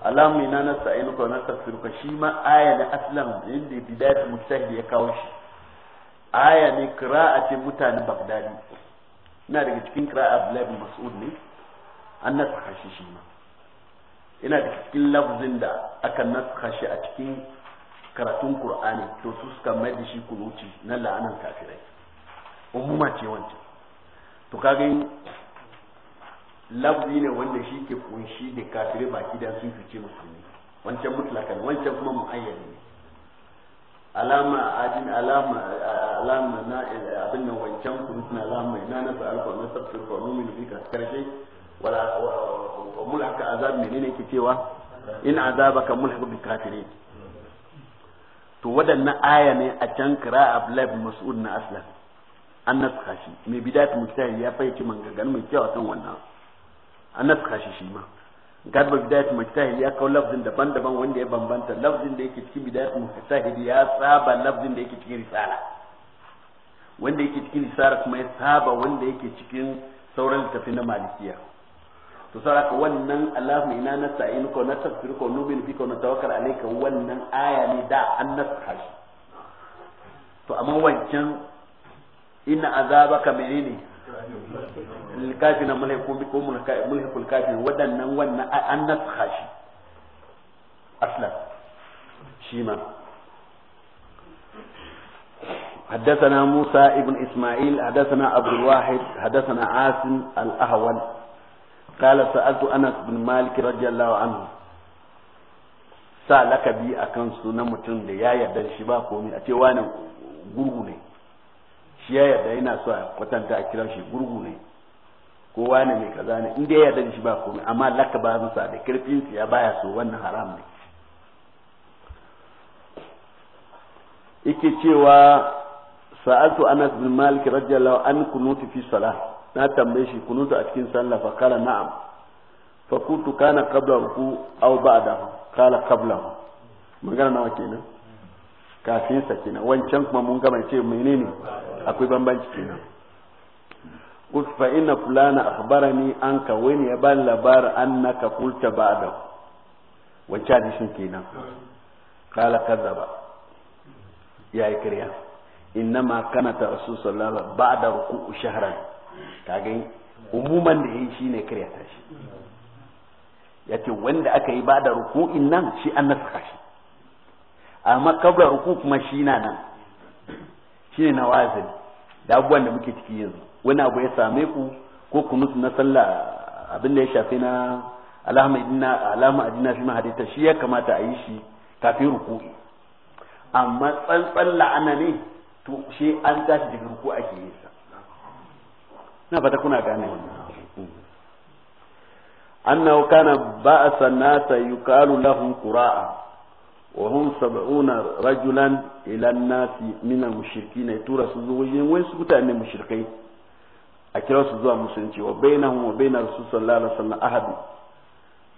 [SPEAKER 1] alamu na na sa'in ko na tafsir ka shi ma aya na aslam inda bidayat da ya kawo shi aya ne qira'ati mutane bagdadi ina daga cikin kira abdullah bin mas'ud ne an nasakha shi shi ma ina da cikin lafzin da aka nasakha shi a cikin karatun qur'ani to su suka mai da shi kuluci na la'anan kafirai umuma ce wancan to kaga lafzi ne wanda shi ke kunshi da kafire baki da sun fice musulmi wancan mutlaka ne wancan kuma mu'ayyad ne alama ajin alama alama na abin nan wancan kunutun alama na na fa alfa na tafsir fa min bika karshe wala mulaka azab menene ke cewa in azabaka mulhu bil kafirin to wadannan aya ne a can kira ablab Mas'ud na aslan an nasuka shi mai bidatu mujtahid ya fahimci maganganu mai kyau kan wannan an nasuka shi shi ma gadba bidayat mujtahid ya kawo lafzin daban-daban wanda ya bambanta lafzin da yake cikin bidayat mujtahid ya saba lafzin da yake cikin risala wanda yake cikin risala kuma ya saba wanda yake cikin sauran littafin na malikiya to ka wannan Allah mai na sa'in ko na tafsir ko nubin fi ko na tawakkal alayka wannan aya ne da an nasa shi to amma wancan inna azabaka menene kafina mulhiku bi ko mulhikul kafin wadannan wannan an nasakha shi aslan shi ma حدثنا موسى ابن إسماعيل حدثنا عبد الواحد حدثنا عاصم الأهول قال سألت أنس بن مالك رضي الله عنه سألك بي أكن سنة متن يا يدن شبا قومي أتي وانا قرغني shi ya yarda yana so a kwatanta a kira shi gurgu ne kowa ne mai kaza ne inda ya yarda shi ba komai amma laka ba masa da kirfin ya baya so wannan haram ne yake cewa sa'atu Anas bin Malik radiyallahu an kunutu fi salah na tambaye shi kunutu a cikin sallah fa kala na'am fa kuntu kana qabla ruku aw ba'da kala qabla magana nawa kenan kafin sa kenan wancan kuma mun gama ce menene akwai bambanci kenan fa inna fulana akhbarani ka wani ya bani labarin annaka qulta ba'da wancan hadisin kenan kala ya yi kariya innama kana ta rasul sallallahu alaihi wasallam ba'da ruku'u shahran kage umuman da yayi shine kariya ta shi yace wanda aka yi ba'da ruku'in nan shi an nasaka shi amma kabla ruku kuma shi na nan shi shine nawazil da abubuwan da muke ciki yanzu wani abu ya same ku ko musu na sallah abin da ya shafi na alama idina alama adina fi mahadita shi ya kamata a yi shi kafin ruku'i amma tsantsan la'ana ne to shi an tashi daga ruku ake yi sa na fata kuna gane annahu kana ba'asa nasa yuqalu lahum qura'a وهم سبعون رجلا إلى الناس من المشركين يتورى سوزوجين وين سكوتا من المشركين أكرا سوزوا مسلمين وبينهم وبين الرسول صلى الله عليه وسلم أحد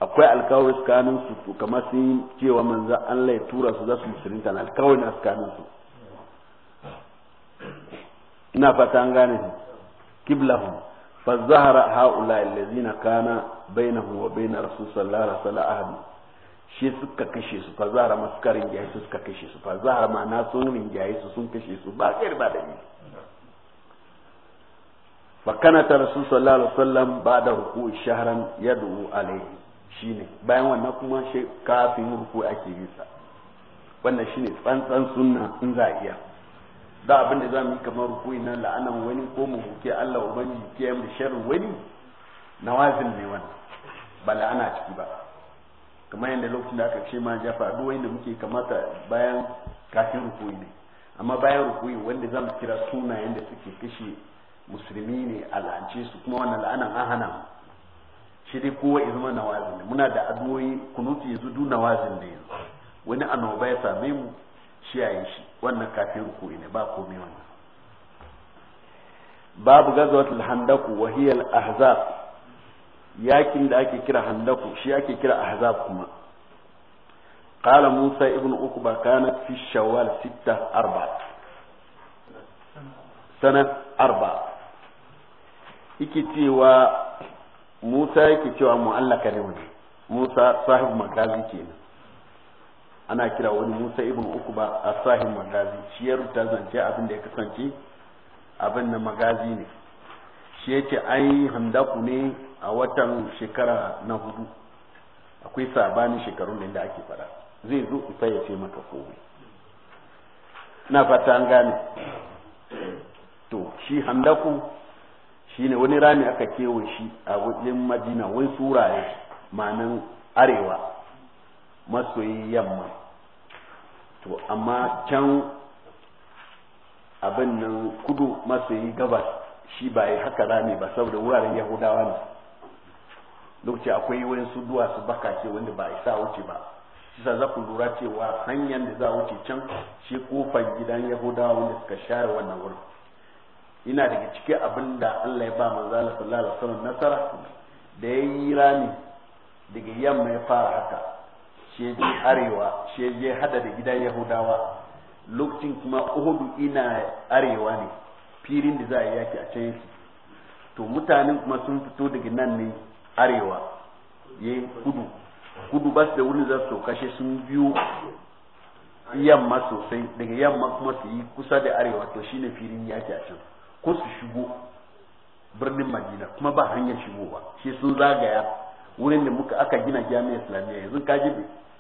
[SPEAKER 1] akwai alkawari tsakanin su kamar sun cewa manzo Allah ya su za su musulunta na na tsakanin su ina fata an gane kiblahum fa zahara haula allazina kana bainahum wa bain rasul sallallahu alaihi wasallam shi suka kashe su fa zahara maskarin jayi su suka kashe su fa zahara ma na sun jayi su sun kashe su ba kai ba ni fa kana ta rasul sallallahu alaihi wasallam ba da ruku shahran yad'u alaihi shine bayan wannan kuma shi kafin ruku ake yi sa wannan shine tsantsan sunna in za a iya da abin da zamu yi kamar ruku nan la'anan wani ko mu huke Allah ubangiji ke mu sharri wani nawazin ne wannan ba la'ana ciki ba kamar yadda lokacin da aka ce ma jafa addu'o'i da muke kamata bayan kafin rukuni ne amma bayan rukuni wanda zamu kira sunayen da suke kashe musulmi ne a la'ance su kuma wannan la'anan an hana mu shi dai kowa ya zama nawazin ne muna da addu'o'i kunuti yanzu du nawazin ne yanzu wani annoba ya same mu shi yi shi wannan kafin rukuni ne ba komai wannan babu gazawatul handaku wa ahzab yakin da ake kira handaku shi ake kira ahzab kuma qala musa ibn ukba kana fi shawwal Sita arba sana arba yake cewa musa yake cewa mu'allaka ne wani musa sahib magazi kenan ana kira wani musa ibn ukba a sahib magazi shi ya rubuta zance abin da ya kasance abin da magazi ne shi ce ai handaku ne a watan shekara na hudu akwai sabanin shekarun da ake faɗa zai zo ita ya ce maka komai na fata an gane to shi handaku shi ne wani rami aka kewa shi a wajen madina wani suraye manan arewa masoyi yamma to amma can abin nan kudu masoyi gabas shi ba haka rami ba saboda wuraren yahudawa ne lokaci akwai wani su duwa su baka ce wanda ba isa wuce ba shi za ku lura cewa hanyar da za a wuce can shi kofar gidan yahudawa wanda suka share wannan wurin ina daga cikin abin da Allah ya ba manzo Allah sallallahu alaihi nasara da ya yi rami daga yamma ya fara haka shi je arewa shi je hada da gidan yahudawa lokacin kuma uhudu ina arewa ne filin da za a yaki a can to mutanen kuma sun fito daga nan ne arewa ya kudu kudu ba su da wurin za su kashe sun biyu yamma sosai daga yamma kuma su yi kusa da arewa to shine filin yaki a can ko su shigo birnin madina kuma ba hanyar shigowa shi sun zagaya wurin da muka aka gina jami'a islamiyya yanzu ka je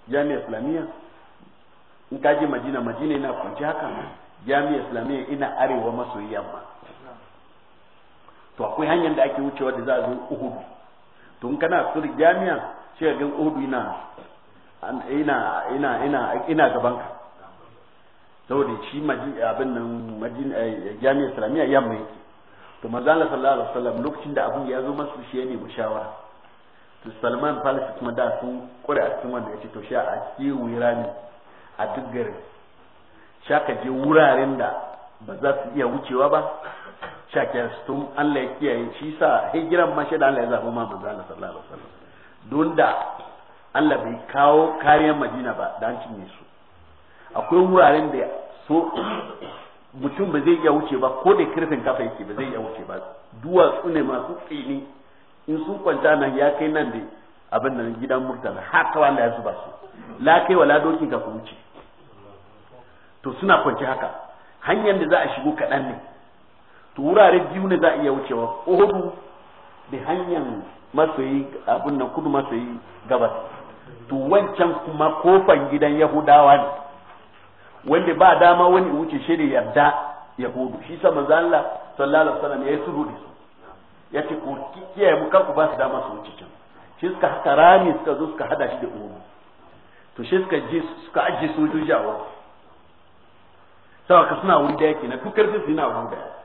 [SPEAKER 1] jami'a islamiyya in ka ji madina madina yana kwanci haka jami'a islamiyya ina arewa maso yamma to akwai hanyar da ake wucewa da za a zo uhudu tun kana sulh jami'a shi ga odu ina ina ina ina ina gaban ka saboda shi maji abin nan maji eh, jami'a islamiyya ya mai to manzo Allah sallallahu alaihi wasallam lokacin da abun ya zo masu shi ya nemi shawara to Salman Farisi kuma da sun kure a cikin wanda ce, to sha a kewaye ne a duk garin sha ka je wuraren da ba za su iya wucewa ba shaken tun Allah ya kiyaye shi sa hijiran ma da Allah ya zaɓi ma manzo Allah sallallahu alaihi wasallam don da Allah bai kawo kariyar Madina ba da an su akwai wuraren da so mutum ba zai iya wuce ba ko da kirfin kafa yake ba zai iya wuce ba duwatsu ne masu tsini in sun kwanta nan ya kai nan da abin nan gidan murtala haka wanda ya zuba su la kai wala dokin ka ku wuce to suna kwance haka hanyar da za a shigo kaɗan ne to wurare biyu ne za a iya wucewa ohudu da hanyar masoyi abin nan kudu masoyi gabas to wancan kuma kofan gidan yahudawa ne wanda ba dama wani wuce shi da yarda yahudu shi sa manzo Allah sallallahu alaihi wasallam ya yi sulhu da su yace ku kiyaye mu kar ku ba su dama su wuce can shi suka haka rami suka zo suka hada shi da ohudu to shi suka je suka ajiye sojoji a wurin ka suna wuri da yake na duk su suna wuri da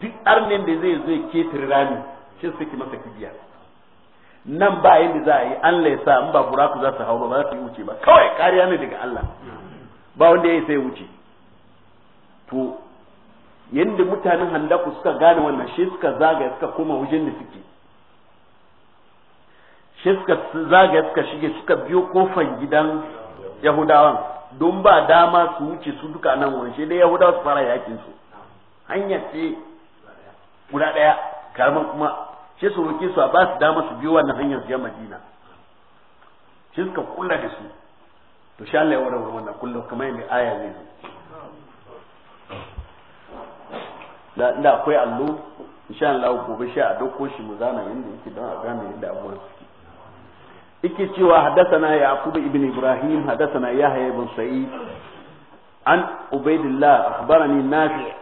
[SPEAKER 1] duk arnin da zai zo ya ketare rami shi suke masa kibiya nan ba da za a yi Allah ya sa in ba buraku za su hau ba za su yi wuce ba kawai kariya ne daga Allah ba wanda ya yi sai wuce to yadda mutanen handaku suka gane wannan shi suka zagaya suka koma wajen da suke shi suka zagaya suka shige suka biyo kofan gidan yahudawan don ba dama su wuce su duka nan wani shi dai yahudawa su fara yakin su hanya ce guda ɗaya karaman kuma shi su roke su a ba su dama su biyo wannan hanyar zuwa madina shi suka kula da su to sha Allah ya warware wannan kullum kamar yadda aya ne. da inda akwai allo insha Allah gobe sha a dauko shi mu zana inda yake don a gane yadda abuwa suke yake cewa ya yaqub ibn ibrahim haddathana yahya ibn sa'id an ubaidillah akhbarani nafi'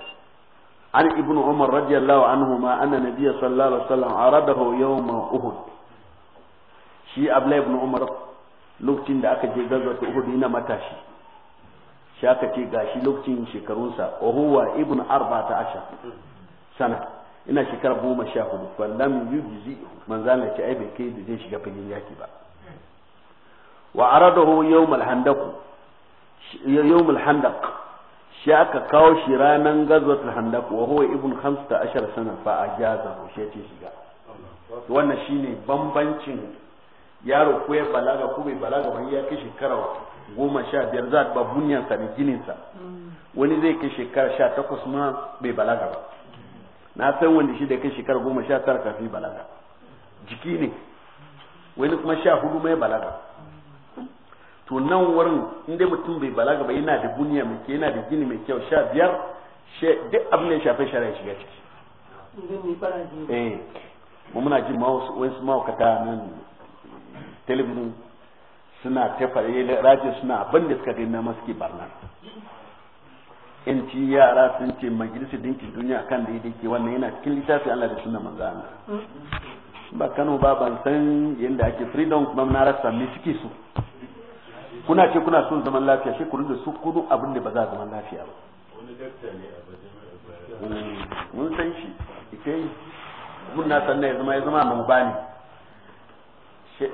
[SPEAKER 1] عن ابن عمر رضي الله عنهما أن النبي صلى الله عليه وسلم عرضه يوم أحد شي أبلا ابن lokacin da aka je gazwata Uhud yana matashi shi aka ce gashi lokacin shekarunsa ohuwa ibn arba ta asha sana ina shekara goma sha hudu wallam yujzi manzana ce ai bai kai da zai shiga fagen yaki ba wa aradahu yawmal handaq shi aka kawo shi ranar gazwatul handaku wa huwa ibn 15 sana fa ajaza ko shi ce shiga wannan shine bambancin yaro ko ya balaga ko bai balaga ba ya kai shekara goma sha biyar za ba bunyan sa da ginin sa wani zai kai shekara sha takwas ma bai balaga ba na san wanda shi da kai shekara goma sha tara kafin balaga jiki ne wani kuma sha hudu mai balaga to nan wurin inda mutum bai balaga ba yana da buniya mai kyau yana da gini mai kyau sha biyar duk abin da ya shafi shari'a shiga ciki eh, mu muna jin ma wasu mawakata nan telebijin suna tafa rajin suna abin da suka gina masu ke barna yanci yara sun ce majalisar dinkin duniya kan da ya yake wannan yana cikin littafi Allah da suna manzana ba Kano ba ban san yadda ake freedom kuma na rasa me suke so kuna ce kuna son zaman lafiya shi ku rinda su kudu abin da ba za zaman lafiya ba hmm, mun san shi ita yi mun na san ya zama ya zama mun bani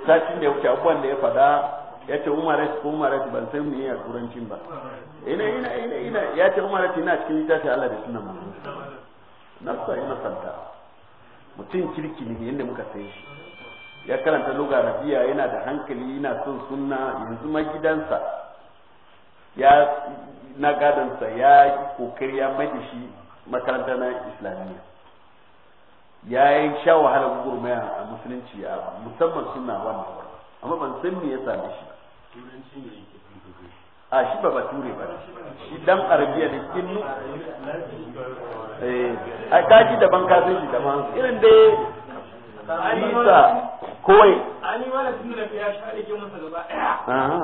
[SPEAKER 1] satin da ya wuce abubuwan da ya faɗa ya ce umarati ko umarati ban san miyar turancin ba ina ina ina ina ya ce umarati ina cikin littafi Allah da sunan manzo nafsa ina santa mutum kirki ne yadda muka sai shi ya karanta luga rabiya yana da hankali yana son sunna yanzu ma gidansa ya na gadansa ya kokari ya mai shi makaranta na islamiyya ya yi sha wahala gurmaya a musulunci a musamman suna wannan amma ban san me ya same shi a shi ba bature ba shi dan arabiya da kinu.
[SPEAKER 2] eh a kaji daban kasan shi daban irin dai Isa kawai. Ani wala sun da ya
[SPEAKER 1] sha da masa gaba ɗaya.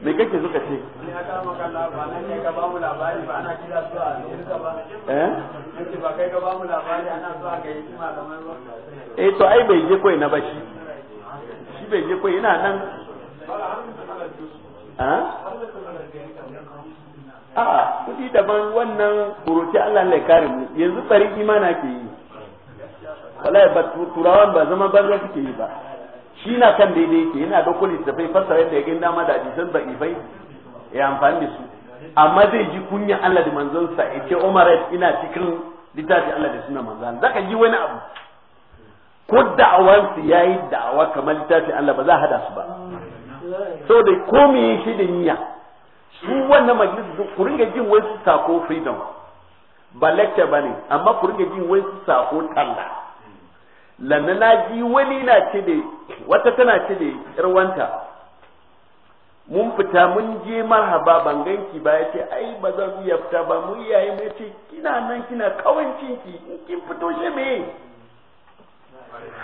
[SPEAKER 1] Me kake suka ce? Ni aka maka ba nan ne ka ba mu labari ba ana kira su a Amerika ba. Eh? Yace ba kai ka ba mu labari ana so a ga yi kamar ba. Eh to ai bai je koi na ba shi.
[SPEAKER 2] Shi bai je koi ina nan. Ah? a'a kudi
[SPEAKER 1] daban wannan buruci Allah ne kare mu yanzu tsari imana ke yi wallahi ba turawan ba zama banza suke yi ba shi na kan daidai yake yana da kulli da bai fasara yadda ya gina dama da hadisan ba ifai ya amfani da su amma zai ji kunya Allah da manzon sa ya Umar ina cikin littafi Allah da sunan manzon zaka ji wani abu ko da'awar su yayi da'awa kamar littafi Allah ba za hada su ba
[SPEAKER 2] so da komai
[SPEAKER 1] shi da niyya su wannan majalis ku ringa jin wai su sako freedom ba lecture ba ne amma ku ringa jin wai su sako talla lanna na ji wani na ce da wata tana ce da yarwanta mun fita mun je marhaba ban ganki ba ya ce ai ba zan iya fita ba mu iyaye mai ce kina nan kina kawancin ki in kin fito shi me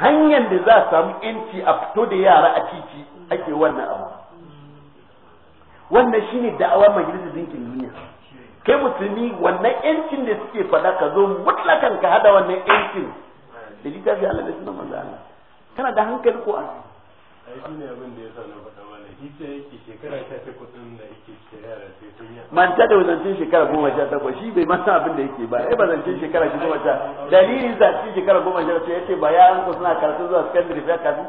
[SPEAKER 1] hanyar da za a samu yanci a fito da yara a titi ake wannan abu wannan shi shine da'awa majalisar dinkin duniya kai musulmi wannan yancin da suke fada ka zo mutlakan ka hada wannan yancin da littafi Allah da sunan manzo Allah kana da hankali ko an
[SPEAKER 2] ai ne abin da ya yasa na faɗa mana hita yake shekara ta ta kudin da yake shekara sai sun yi manta da wazancin shekara goma sha takwas shi bai masa abin da
[SPEAKER 1] yake ba ai bazancin shekara shi goma sha dalilin zaci shekara goma sha takwas yace ba ya an ko suna karatu zuwa secondary sai karatu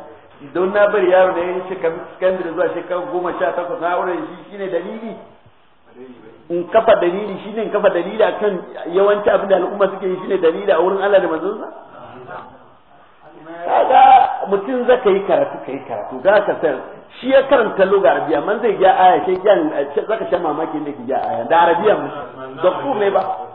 [SPEAKER 1] don na bari yaro da ya yi shekaru zuwa shekaru goma sha takwas na aure shi ne dalili in kafa dalili shi in kafa dalili akan yawanci abin da al'umma suke yi ne dalili a wurin Allah da manzonsa kaga mutum zaka yi karatu yi karatu za ka san shi ya karanta lugha arabiya man zai ga aya shi gyan zaka sha mamaki ne ki ga aya da arabiya mu ku ne ba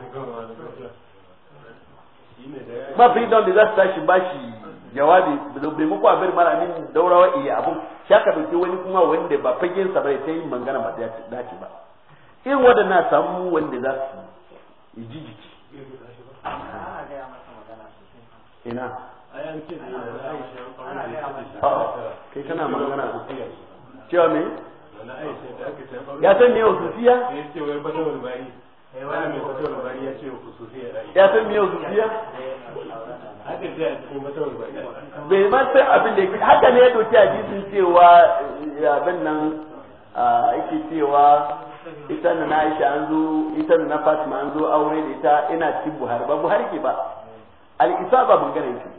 [SPEAKER 1] ba freedom da za su tashi ba shi jawabi bai muku abin mara min daurawa iya abun shaka dauke wani kuma wanda ba fagen sa bai ta yin mangana ba ta dace ba in wadanna samu wanda za su
[SPEAKER 2] yi jijiki ina kai kana magana cewa me ya san ne ya ce wani bata wani bayi Eh, ya san me biya. bai ma san abin da haka ne ya
[SPEAKER 1] doki hadisin cewa eh, abin nan ah, yake cewa ita na Aisha an zo ita na Fatima an zo aure da ita ina cikin Buhari ba Buhari ke ba al-isaba magana yake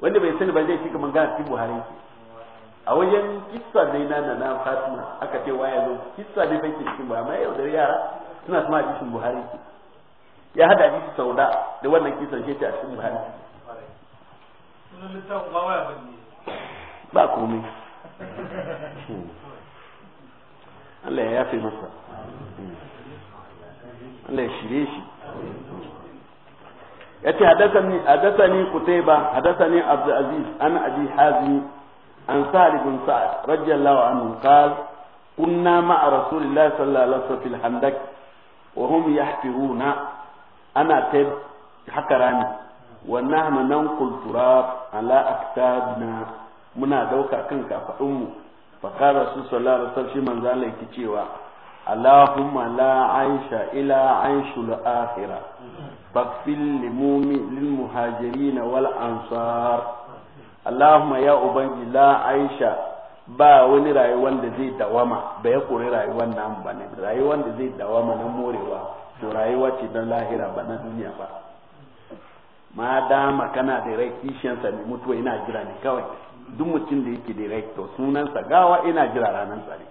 [SPEAKER 1] wanda bai sani ba zai cika magana cikin Buhari yake a wajen kissa dai na na Fatima aka ce waya zo kissa dai bai cikin Buhari amma yau da yara suna kuma hadisin buhari ke ya hada hadisi sauda da wannan kisan shi a cikin buhari ba komai Allah ya yafe masa Allah ya shirye shi yace hadathani hadathani kutayba hadathani abdul aziz an abi hazmi an sa'd bin sa'd radiyallahu anhu qala kunna ma'a rasulillahi sallallahu alaihi wasallam fil handak wa hum yahfiruna ana ta haka rami wa nahnu nanqul turab ala aktabina muna dauka kan kafadun mu fa qala rasul sallallahu alaihi wasallam shi manzo cewa allahumma la aisha ila aishul akhirah baghfir lil muhajirin wal ansar allahumma ya ubangi la aisha ba wani rayuwan da zai dawama ba ya kori rayuwan namu ba ne rayuwan da zai dawama na morewa to rayuwa ce na lahira ba na duniya ba ma dama kana da rai kishiyansa ne mutuwa ina jira ne kawai duk mutum da yake da rai to sunansa gawa ina jira ranar sa ne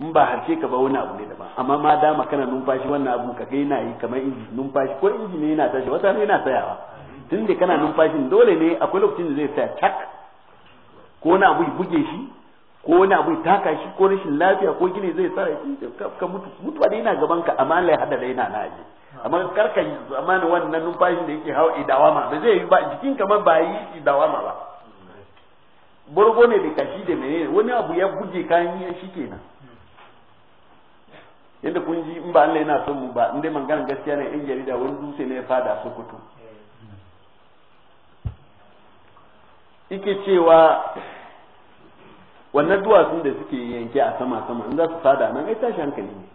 [SPEAKER 1] in ba harshe ka ba wani abu ne daban amma ma dama kana numfashi wannan abu ka kai na yi kamar inji numfashi ko inji ne yana tashi wata ne yana tsayawa tun da kana numfashin dole ne akwai lokacin da zai tsaya cak ko wani abu buge shi ko wani abu taka shi ko rashin lafiya ko gine zai tsara shi ka mutu mutuwa da yana gaban ka amma Allah ya hada da yana naji amma karka amma wannan numfashin da yake hawa idawama ba zai yi ba jikin kamar ba yi idawama ba burgo ne da kashi da menene wani abu ya buge kayan yi shi kenan yadda kun ji in ba Allah yana son mu ba in dai maganar gaskiya ne in jarida wani dutse ne ya fada Sokoto yake cewa wannan duwatsun da suke yanke a sama-sama in za su sada nan ai tashi hankali ne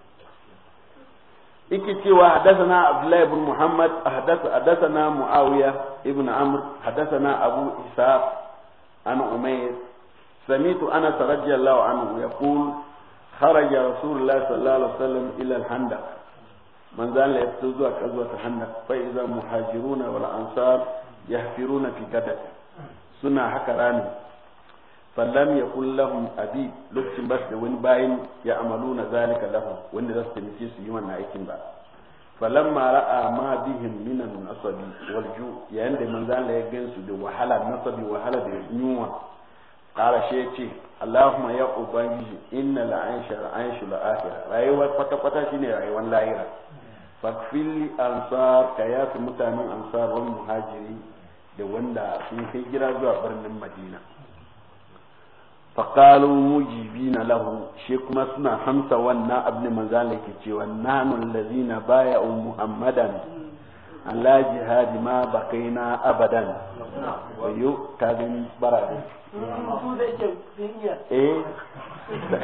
[SPEAKER 1] yake cewa haddasana abdullahi ibn muhammad haddasana muawiya ibn amr haddasana abu isaf an umair samitu ana radiyallahu anhu yaqul kharaja rasulullah sallallahu alaihi wasallam ila al-handaq man zalla yaftu zuwa kazwat al handa, fa iza muhajiruna wal ansar yahfiruna fi gadad suna haka rami fallam ya lahum abi lokacin ba da wani bayan ya amalu na zalika lahum wanda za su taimake su yi wannan aikin ba fallam ma ra'a ma bihim minan nasabi wal ju yayin da manzo Allah ya gansu da wahala nasabi wahala da yunwa kara shi ya Allahumma ya ubangiji inna la'ansha la'anshu la'akhirah rayuwar kwata kwata shine rayuwar lahira fakfil ansar ka mutanen ansar wal muhajiri da wanda sun kai gira zuwa birnin madina faƙalu mujibi na lahu shi kuma suna hamsa wannan abin manzala ke cewa nanun lazina baya muhammadan Allah jihadi ma bakaina abadan wayo kagin baradin eh,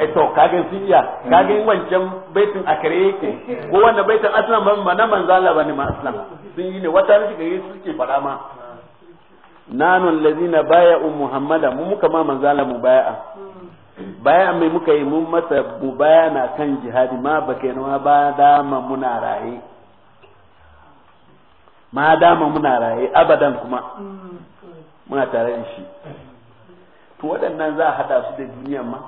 [SPEAKER 1] eh to kagin sinya kagin wancan baitin akare yake ko wanda baitin aslan ba na manzala bane ma aslan sun yi ne wata ne suke fada ma nanu allazina baya'u um muhammada mu muka ma manzala mu baya'a baya mai muka yi mun masa mu bayana kan jihadi ma ba kenan ba dama muna raye ma dama muna raye abadan kuma muna tare da shi to waɗannan za a haɗa su da duniyan ma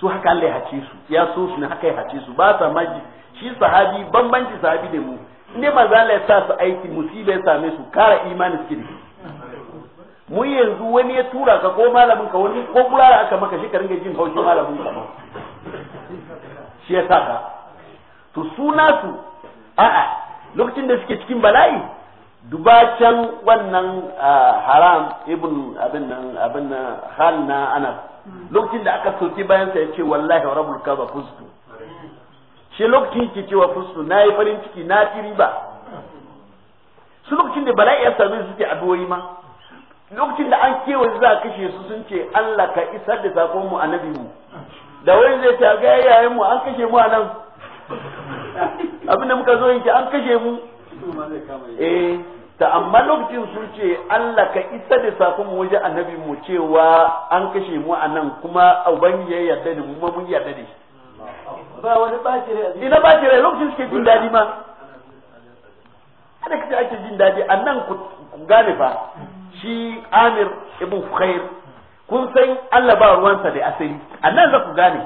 [SPEAKER 1] su haka Allah ya hace su ya so su ne haka ya hace su ba sa maji shi sahabi bambanci sahabi da mu ne manzo ya sa su aiki musibe ya same su kara imani suke da mu yanzu wani ya tura ka ko malamin ka wani ko kula aka maka shi ka ringa jin haushin malamin ka shi ya saka to suna su a'a lokacin da suke cikin bala'i can wannan haram ibn abin nan abin nan hal na ana lokacin da aka soke bayan sa yace wallahi rabbul kaba fustu shi lokacin yake cewa fustu nayi farin ciki na ci riba su lokacin da bala'i ya same su suke addu'o'i ma lokacin da an kewa za a kashe su sun ce Allah ka isar da sakon mu annabi mu da wani zai ta ga yayin mu an kashe mu anan abinda muka zo yanki an kashe mu eh ta amma lokacin sun ce Allah ka isa da sakon mu waje annabi mu cewa an kashe mu anan kuma ubangi ya yarda da mu kuma mun yarda da shi
[SPEAKER 2] ba wani baci rai ina baci rai lokacin
[SPEAKER 1] suke jin dadi ma kada kace ake jin dadi anan ku gane fa shi amir ibn khair kun san Allah ba ruwansa da asali annan za ku gane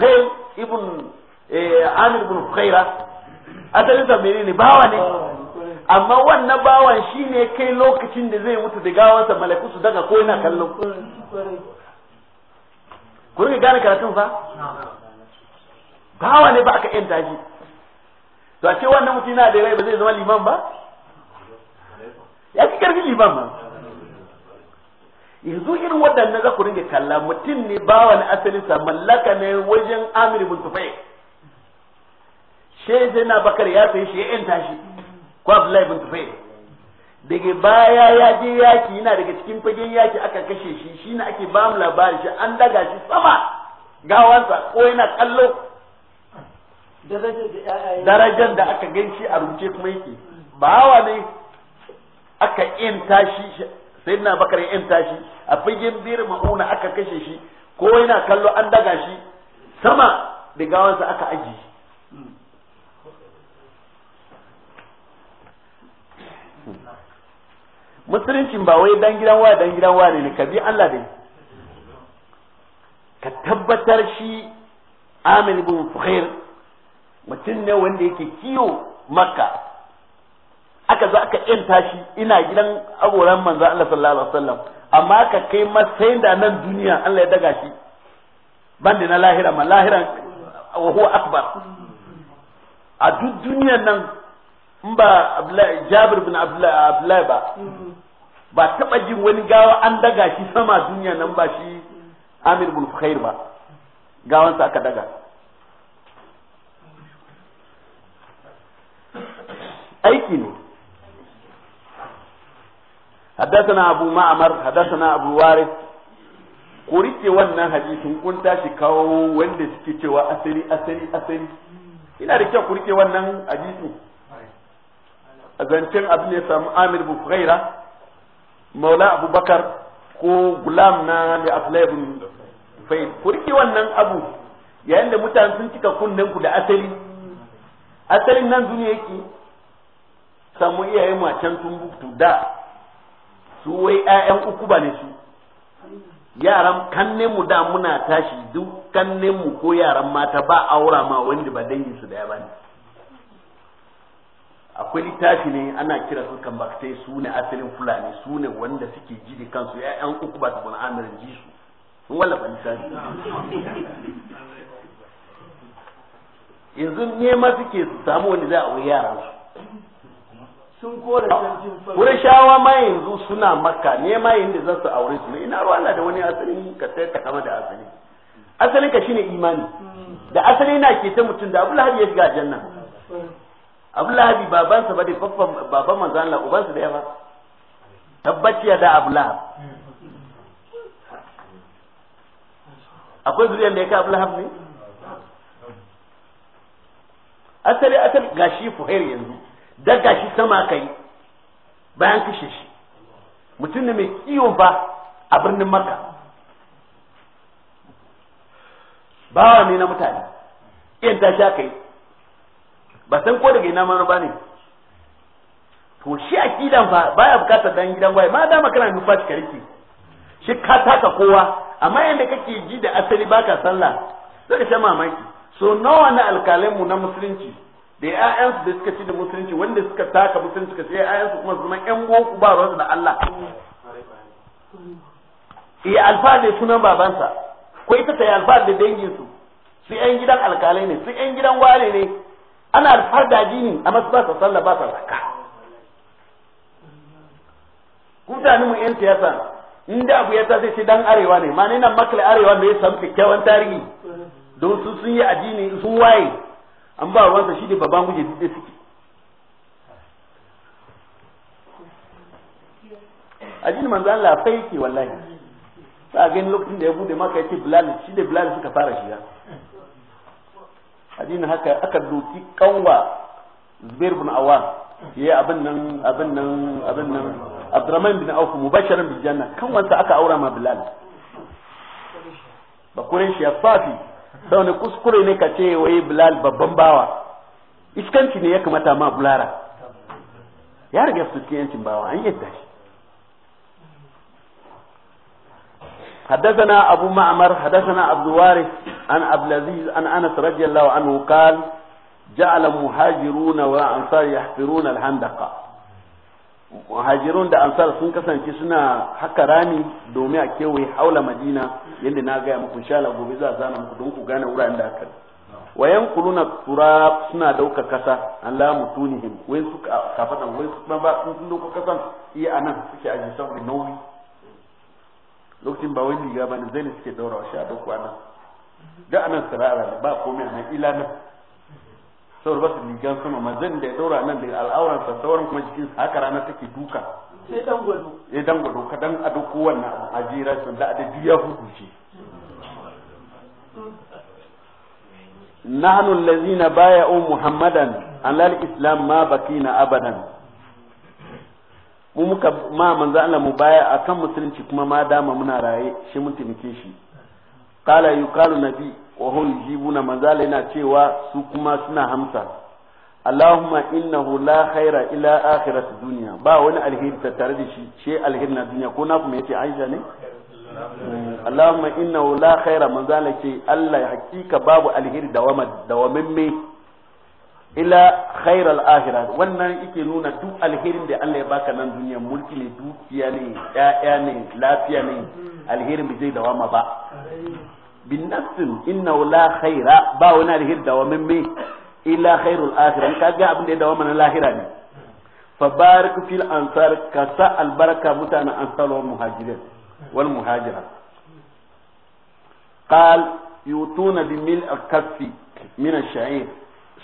[SPEAKER 1] khair ibn eh, amir ibn khaira asalinsa ne bawa ne amma wannan bawan shi ne kai lokacin da zai mutu da gawansa malaku su daga ko yana kallon ku rika gane karatun fa bawa ne ba aka yanta shi to a ce wannan mutum yana da rai ba zai zama liman ba ya fi karfin ma yanzu irin waɗannan za ku ringa kalla mutum ne bawa asalinsa mallaka ne wajen amir bin tufai shi zai na bakar ya sai shi ya yanta shi ko abdullahi bin tufai daga baya ya je yaki yana daga cikin fagen yaki aka kashe shi shi ne ake ba mu labari shi an daga shi sama gawansa ko yana kallo darajar da aka gan a rubuce kuma yake bawa ne aka yanta shi sai na bakar yanta shi a fagen bir ma'una aka kashe shi ko yana kallo an daga shi sama da gawansa aka aji musuluncin ba wai dan gidan wa dan gidan wa ne ka bi Allah ne ka tabbatar shi amin bin fuhair mutum ne wanda yake kiyo makka aka zo aka yanta shi ina gidan agoran manzo Allah sallallahu alaihi wasallam amma ka kai matsayin da nan duniya Allah ya daga shi bandi na lahira ma lahira wa huwa akbar a duk duniyan nan in ba Jabir bin Abdullahi ba ba taba jin wani gawa an daga shi sama duniya nan ba shi Amir bin Khair ba gawansa aka daga aiki ne حدثنا أبو معمر حدثنا أبو وارث ku rike wannan hadisin kun tashi kawo wanda suke cewa asali asali asali ina da kyau ku wannan hadisin a zancen abin ya samu amir bufraira maula abubakar ko gulam na da aflaibun fai ku wannan abu yayin da mutane sun cika kunnen ku da asali asalin nan duniya yake samu iyayen macen sun buktu da su wai ƴaƴan uku ba ne su yaran kanne mu da muna tashi duk kanne mu ko yaran mata ba aura ma wanda ba dangin su da ya bani. akwai littafi ne ana kira su kambaktai su ne asalin fulani su ne wanda suke ji da kansu ƴaƴan uku ba tukuna amirin ji su sun wallafa littafi yanzu nema suke su samu wanda za a wuri yaran
[SPEAKER 2] su sun kore fari. Wurin shawa
[SPEAKER 1] ma yanzu suna Makka ne ma yanda za su aure su ina ruwa Allah da wani asali ka sai ka kama da asali asalin ka shine imani hmm. da asali na ke ta mutum da Abdul Hadi ya shiga janna hmm. Abdul Hadi babansa ba da baban manzo Allah sa da yawa tabbaci da Abdul akwai zuriyar da ya kai Abdul ne asali asali gashi fuhair yanzu daga shi sama kai bayan kashe shi mutum ne mai kiwon ba a birnin maka bawa ne na mutane iyan ta sha kai ba san ko daga ina mana ba ne to shi a kidan fa baya bukatar dan gidan gwai ma dama kana nufa ka rike shi ka taka kowa amma yadda kake ji da asali baka sallah zaka sha mamaki so nawa na alkalinmu na musulunci da ƴaƴansu da suka ci da musulunci wanda suka taka musulunci suka ce ƴaƴansu kuma zama ƴan uwanku ba ruwansu da Allah Iya alfa da sunan babansa ko ita ta yi alfa da danginsu su ƴan gidan alkalai ne su ƴan gidan ware ne ana alfahar da addini amma masu ba sa sallah ba sa zakka mutanen mu ƴan siyasa inda abu ya ta sai dan arewa ne ma ne nan makla arewa ne ya samu kyakkyawan tarihi don su sun yi addini sun waye an ba ruwansa shi ne babban guje duk suke a jini manzo Allah fa yake wallahi sa gani lokacin da ya bude maka yake bilal shi ne bilal suka fara shiga ajin haka aka doki kanwa Zubair bin Awam yayi abin nan abin nan abin nan Abdurrahman bin Auf mubasharan bil janna kanwansa aka aura ma bilal ba kuren shi ya safi da wani kuskure ne ka ce wai bilal babban bawa iskanci ne ya kamata ma bulara ya riga su cikin yancin bawa an yadda shi حدثنا أبو معمر حدثنا عبد الوارث عن an العزيز عن أنس رضي الله عنه قال جعل مهاجرون وأنصار يحفرون الحندق muhajirun da ansar sun kasance suna haka rami domin a kewaye haula madina yadda na gaya muku insha Allah gobe za a zana muku don ku gane wuraren da aka wayan kuluna tura suna dauka kasa Allah mutunihim wai su kafatan wai su ba sun dauka kasa iya anan suke aje saboda nauyi lokacin ba wani riga bane zai ne suke daura shi a dauko anan da anan sirara ba komai anan ila nan saboda ba su rigan sama ma zan da ya daura nan da al'auran sa sauran kuma jikin haka rana take duka sai dan gwado sai dan gwado ka dan ado ko wannan ajira sun da da biya hudu ce nahnu allazina bay'u muhammadan alal islam ma bakina abadan mu muka ma manzo Allah mu baya akan musulunci kuma ma dama muna raye shi mun taimake shi qala yuqalu nabi wa hum yujibuna manzo yana cewa su kuma suna hamsa Allahumma innahu la khaira ila akhirati duniya ba wani alheri tare da shi she alheri na duniya ko na kuma yace Aisha ne Allahumma innahu la khaira manzala ce Allah hakika babu alheri dawama dawamamme ila khair al-akhirah wannan yake nuna duk alherin da Allah ya baka nan duniya mulki ne dukiya ne ƴaƴa ne lafiya ne alherin bai zai dawama ba bin nafsin innahu la khaira ba wani alheri dawamamme illa khairul akhirah ka ga abin da ya dawo mana lahira ne fa barik fil ansar ka sa albarka mutanen ansar wal muhajirin wal muhajira qal yutuna bi mil akfi min ash-sha'ir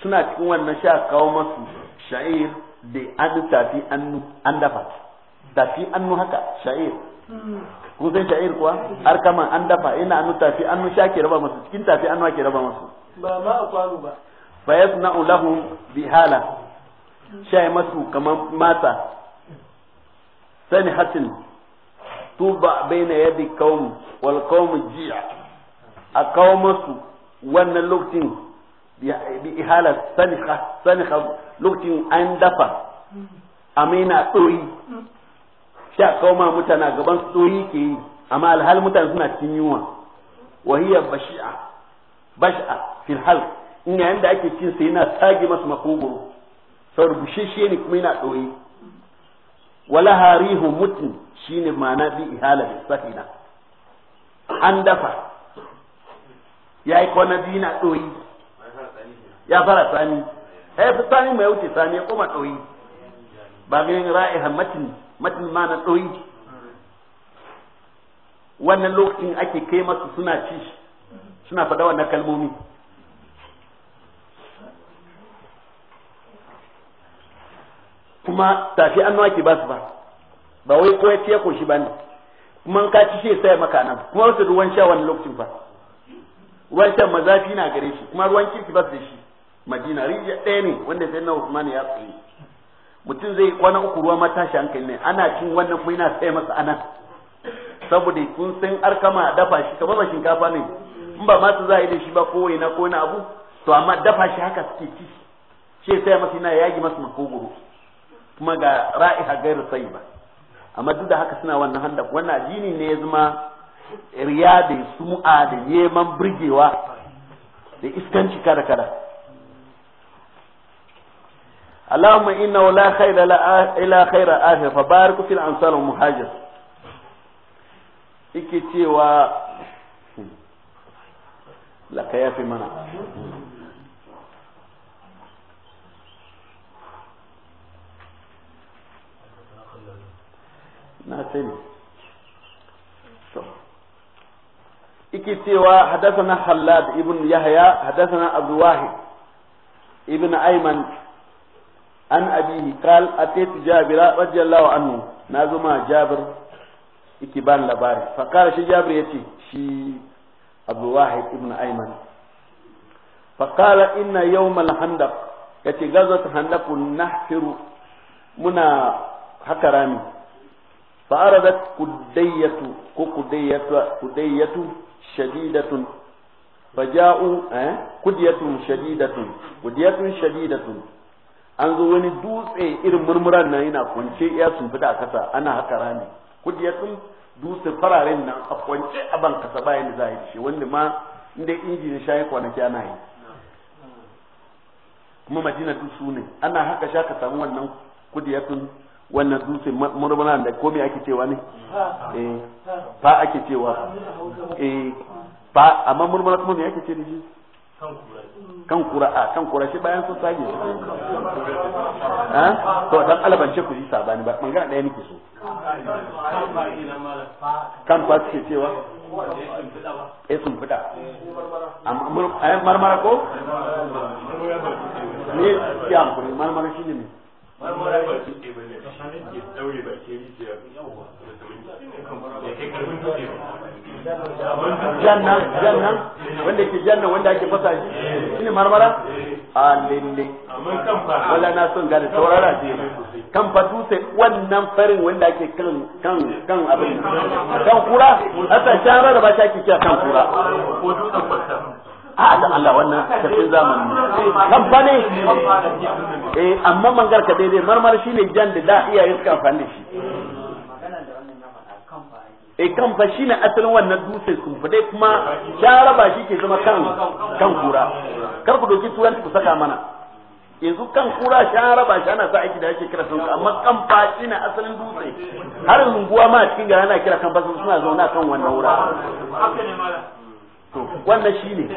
[SPEAKER 1] suna cikin wannan sha kawo masu sha'ir da an tafi an dafa tafi annu haka sha'ir kun san sha'ir kuwa har kaman an dafa ina annu tafi annu sha ke raba masu cikin tafi annu ake raba masu ba ma a kwano ba fa yasna'u lahum bihala shay masu kaman mata sani hatin tuba baina yadi qaum wal qaum ji'a a kawo masu wannan lokacin bi ihala sanika lokacin an dafa amina tsoyi sha kawo ma mutana gaban tsoyi ke yi amma alhal mutane suna cikin yunwa bash'a fil yayin yanda ake cin sa yana tage masa makogoro saboda bushashe ne kuma yana ɗoye wala harihu mutum shine ma'ana bi ihala da safina an dafa ya yi kwana biyu na ɗoyi ya fara sani ya fi sani mai wuce sani ya koma ɗoyi ba ganin ra'iha matin matin ma na ɗoyi wannan lokacin ake kai masu suna ci suna fada wannan kalmomi kuma tafi an nawa ke ba su ba ba wai ko ya ko shi bane kuma ka ci shi sai maka nan kuma wasu ruwan sha wani lokacin fa ruwan sha mazafi na gare shi kuma ruwan kirki ba su da shi madina rijiya ɗaya ne wanda sai na usman ya tsaye mutum zai kwana uku ruwa ma tashi hankali ne ana cin wannan kuma yana sai masa anan saboda kun san arkama dafa shi kamar ba shinkafa ne in ba ma su za a yi da shi ba ko na ko na abu to amma dafa shi haka suke ci shi sai masa yana yagi masa makogoro kuma ga ha gairu ba, amma duk da haka suna wannan handa wannan addini ne ya zama riya da sum'a da neman burgewa da iskanci kada kada اللهم إنه لا خير لا إلا خير آخر فبارك في الأنصار المهاجر إكتي و لك يا في منع na sani to iki cewa hadathana Hallad ibn Yahya hadathana Abu ibn Ayman an abihi qal ataytu Jabir radiyallahu anhu ma zuma Jabir iki ban labari fa shi Jabir yace shi Abu ibn Ayman fa qala inna yawm al-handaq yace gazat handaqun nahfiru muna haka rami فأردت قدية قدية قدية شديدة فجاءوا قدية شديدة قدية شديدة an zo wani dutse irin murmuran na yana kwance iya sun fita a kasa ana haka rami kudiyatun dutse fararen na a kwance a ban kasa bayan da za a yi shi wanda ma inda injin shayi kwanaki ana yi kuma madina duk ne ana haka sha ka samu wannan kudiyatun wannan dutse murmuna da komai ake cewa ne eh fa ake cewa eh fa amma murmuna kuma me ake ce da shi kan a kan kura shi bayan sun sage shi ha ah, to dan alabance ku yi sabani ba magana ɗaya nake so
[SPEAKER 2] kan fa ake cewa eh sun fita amma marmara ko Ni ya amfani marmara shi ne janna janna wanda ke janna wanda ake fasa shi eh. marmara eh. ah, a lele. wala na son gane saurara ce
[SPEAKER 1] kan fatu sai wannan farin wanda ake kan kan kan abin kan kura asa shara da ba shi ake kan kura a dan Allah wannan tafin zamani kabba ne eh amma mangar ka daidai marmar shine jan da da iyaye suka amfani da shi eh kan fa shine asalin wannan dutse sun fa dai kuma sharaba shi ke zama kan kan kura kar ku doki turanci ku saka mana yanzu kan kura sharaba shi ana sa aiki da ake kira sun amma kan fa shine asalin dutse har lunguwa ma cikin gari ana kira kan fa suna zauna kan wannan wura to wannan shine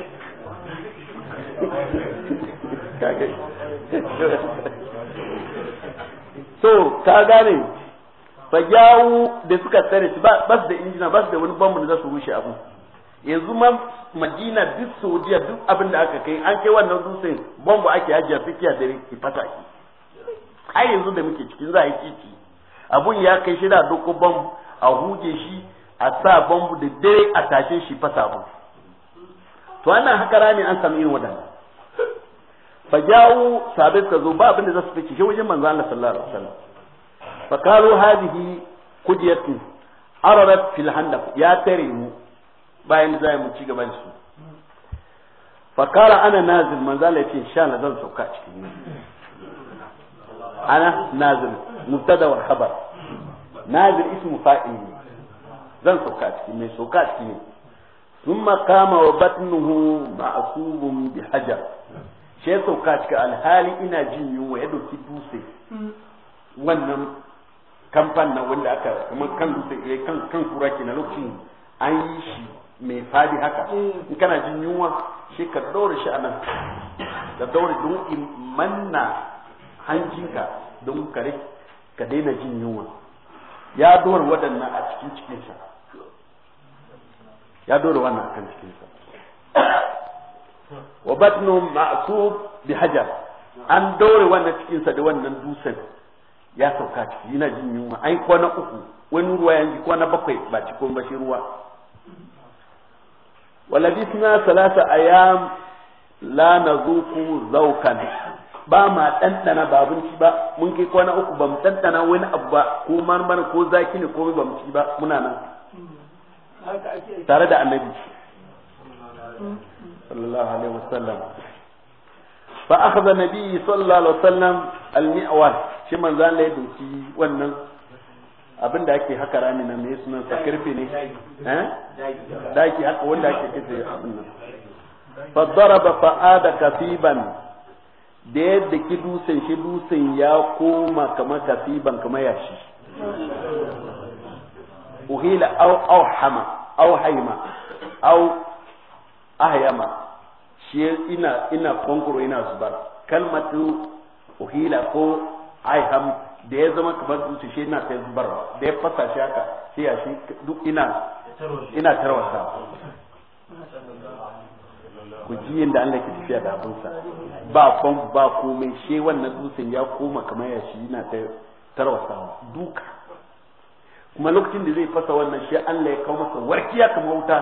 [SPEAKER 1] so ka gane fagyawu da suka tsare su ba su da injina ba su da wani bambu da za su rushe abu yanzu ma madina duk saudiya duk abin da aka kai an kai wannan dutsen bambu ake hajiya tsakiya da ki fasa ki ai yanzu da muke cikin za a yi titi abun ya kai shi da doko bambu a huje shi a sa bambu da dare a tashe shi fasa bambu to ana haka rami an samu irin waɗannan fa jawo sabit suka zo ba abin da za su fice shi wajen manzo Allah sallallahu alaihi wasallam fa kalu hadhihi kujiyatu ararat fil handaq ya tare mu bayan za mu ci gaban su fa kala ana nazil manzo Allah yace insha Allah zan sauka cikin ana nazil mubtada wal khabar nazil ismu fa'il zan sauka cikin mai sauka cikin ثم قام وبطنه معصوب بحجر shi sauka cika alhali ina jin yunwa ya dauki dutse wannan kamfan na wanda aka kamar kan dutse kan kan kura na lokacin an yi shi mai fadi haka in kana jin yunwa shi ka daure shi anan don in manna hanjinka don kare ka daina jin yunwa ya dora waɗannan a cikin cikinsa ya dole wannan kan cikinsa. wa batnu ma'sub bi hajar an dore wannan cikinsa da wannan dusan ya sauka ciki yana jin yunwa ai kwana uku wani ruwa ji, kwana bakwai ba cikin ba shi ruwa walabisna salasa ayam la nazuku zaukan ba ma dandana ba ba mun kai kwana uku ba mu dandana, wani abu ba ko marmara ko zaki ne ko ba mu ci ba muna nan tare da annabi sallallahu alaihi wasallam fa akhadha nabi sallallahu alaihi wasallam al-mi'wal shi man zan ya doki wannan abin da ake haka rami na me sunan sa karfe ne eh daki haka wanda ake kace abin
[SPEAKER 2] nan
[SPEAKER 1] fa daraba fa ada kasiban da yadda ki dusen shi dusan ya koma kamar kasiban kamar yashi uhila aw awhama aw haima aw ahyama shi ina ina konkuro ina zubar kalmatu uhila ko aiham da ya zama kamar dutse shi ina sai zubar da ya fasa shi haka sai ya shi duk ina ina tarwasa ku ji yadda Allah ke tafiya da abinsa ba fon ba komai shi wannan dutsen ya koma kamar ya shi yana tarwasawa duka kuma lokacin da zai fasa wannan shi Allah ya kawo masa warkiya kamar wuta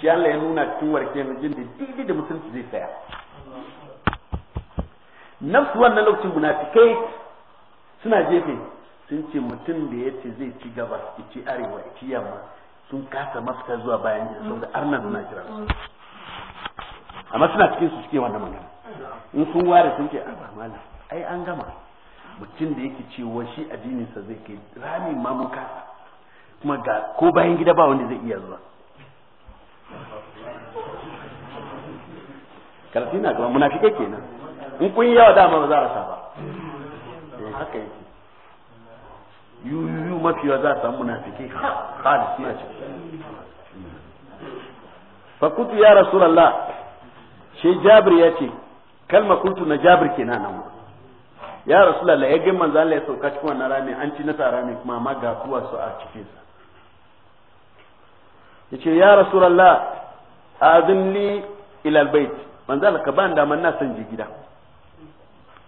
[SPEAKER 1] shi Allah ya nuna cikin warkiyar jin da didi da mutunci zai tsaya nafsu wannan lokacin munafikai suna jefe sun ce mutum da ya ce zai ci gaba ya ci arewa ya ci yamma sun kasa mafita zuwa bayan gida saboda arna suna jira amma suna cikin su suke wannan magana in sun ware sun ce a ba malam ai an gama mutum da yake cewa shi addininsa zai kai rami ma mun kasa kuma ga ko bayan gida ba wanda zai iya zuwa karfi na gaba munafike kenan in kun yi yawa dama ba za a rasa ba haka yake yuyuyu mafi yawa za a samu munafike ha da a ciki fakutu ya rasulallah shi jabir ya ce kalma kutu na jabir kenan nan ya rasulallah ya ga manzo ya sauka cikin wannan rami an ci nasa rami kuma ma ga kuwa su a cikinsa. yace ya rasulullah azin li ila albayt manzo Allah ka ban daman na san je gida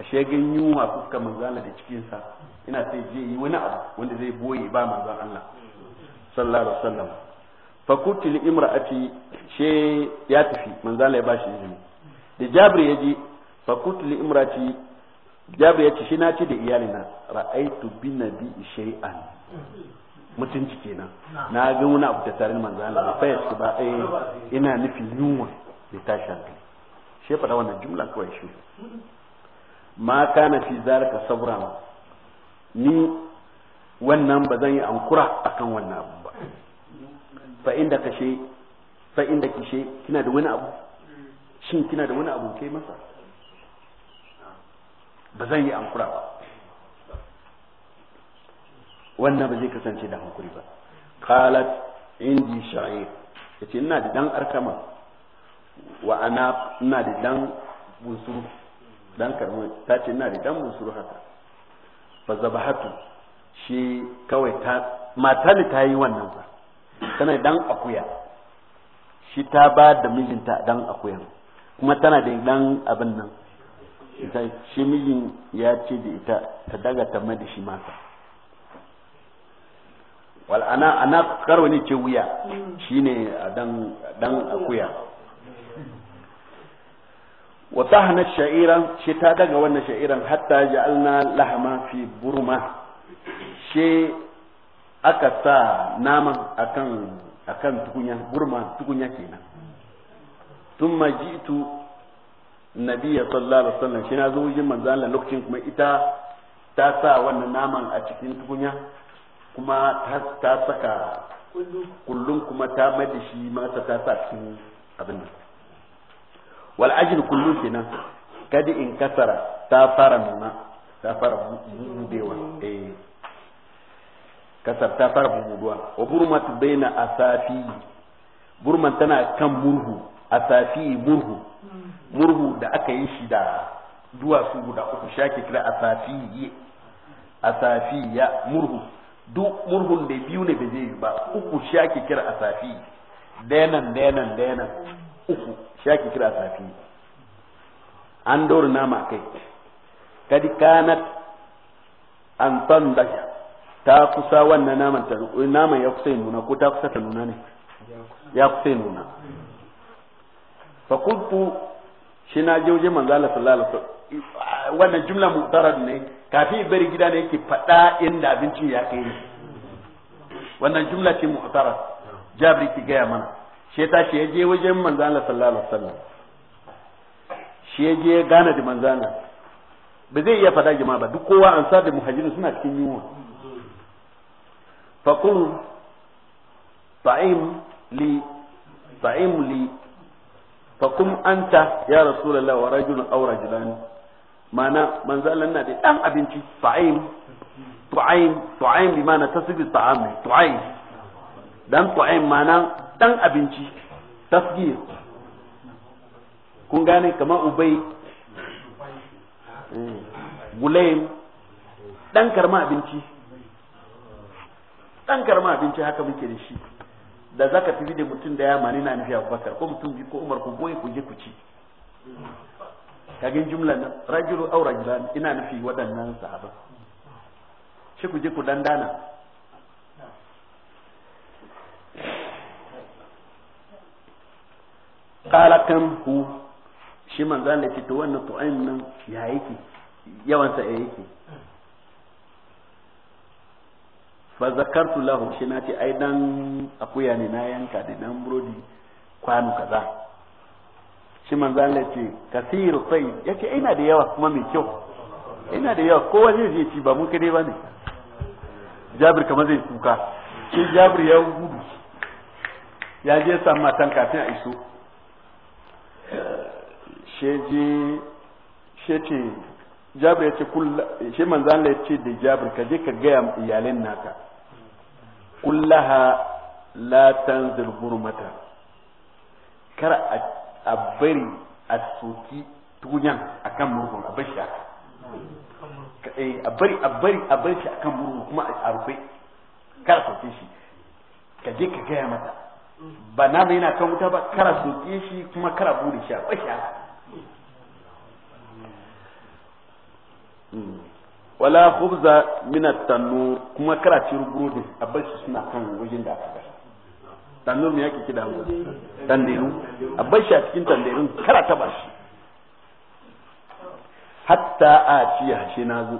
[SPEAKER 1] ashe gan yunwa fuska manzo Allah da cikin sa ina sai je yi wani abu wanda zai boye ba manzo Allah sallallahu alaihi wasallam fa kuti li imraati she ya tafi manzo Allah ya bashi izini da jabri ya ji fa kuti li imraati jabri ya ce shi na ce da iyalina ra'aitu bi nabi shay'an mutunci kenan na ga wani abu da tarin manzo Allah ba ya ba eh ina nufin yunwa da tashi hankali shi da wannan jumla kawai shi ma kana fi zalika sabra ni wannan ba zan yi ankura akan wannan abu ba fa inda kashe fa inda kishe kina da wani abu shin kina da wani abu kai masa ba zan yi ankura ba wannan ba zai kasance da hankuri ba qalat indi sha'ir yace ina da dan arkama wa ana ina da dan busuru dan karmu ta ce ina da dan busuru haka fa zabahatu shi kawai ta mata ne ta yi wannan ba tana dan akuya shi ta ba da mijinta dan akuya kuma tana da dan abin nan shi mijin ya ce da ita ta daga ta mai da shi masa wal ana ana karo ne ce wuya mm. shine dan dan akuya wa tahna sha'ira shi ta daga wannan sha'iran hatta ja'alna lahma fi burma shi aka sa naman akan akan tukunya burma tukunya kenan thumma ji'tu nabiyya sallallahu alaihi wasallam shi na zo wajen manzo Allah lokacin kuma ita ta sa wannan naman a cikin tukunya kuma ta saka kullum kuma ta mai shi masa ta sa cikin abin nan wal ajr kullum kenan kadi in kasara ta fara nuna ta fara budewa eh kasar ta fara bubuduwa wa burmat baina asafi burman tana kan murhu asafi murhu hmm. murhu da aka yi shi da duwatsu guda uku shake kira asafi ya murhu duk murhun da biyu ne ba zai yi ba uku shi ake kira a safi denan denan denan uku shi ake kira a safi an daura nama kai kadi kanat an san da ta kusa wannan naman ta naman ya kusa nuna ko ta kusa ta nuna ne ya kusa nuna fa kuntu shi na jauje wajen manzo Allah sallallahu alaihi wasallam wannan jumla mutarad ne kafin bari gida ne yake faɗa inda abincin ya kai ne wannan jumla ce mu'tara jabri ki gaya mana she ta shi je wajen manzo Allah sallallahu alaihi wasallam she je gana da manzana ba zai iya faɗa jama'a ba duk kowa sa da muhajiri suna cikin yunwa fakul ta'im li ta'im li fakum anta ya rasulullah wa rajulun aw rajulani ma'ana manzalan na da dan abinci tu'aim. Tu'aim tu'aim bi ma'ana tasgir ta'am tu'aim. dan tu'aim ma'ana dan abinci tasgir kun gane kamar ubai gulaim eh, dan karma abinci dan karma abinci haka muke da shi da zaka tafi da mutum da ya mani na nufi abubakar ko mutum ko umar ku goye ku je ku ci kagin jumlan nan rajulu aw rajulan ina nufi waɗannan sahaba shi ku je ku dandana qala kam hu shi manzan da to wannan tu'ain nan ya yake yawan sa ya yake fa zakartu lahum shi na ce ai dan akuya ne na yanka da dan burodi kwano kaza shi manzo Allah ce kasiru sai yace ina da yawa kuma mai kyau ina da yawa kowa zai ci ba mun kade ba ne Jabir kamar zai kuka shi Jabir ya gudu ya je samu matan kafin a iso she je she ce Jabir ya ce shi manzo Allah ya ce da Jabir ka je ka ga iyalen naka kullaha la tanzil hurmata kar a a bari a soki tunyan kan murhu a bari shi eh, a bari a bari a bari shi kan murhu kuma a rufe kar soke shi ka je ka gaya mata ba na mai na kan wuta ba kara soke shi kuma kara bude shi a bari shi haka hmm. wala khubza min at-tanur kuma kara ci rubudin a bari suna kan wajen da aka tandur ya ke kida mu tandiru a bar shi a cikin tandirun kara ba shi hatta a ci shi na zo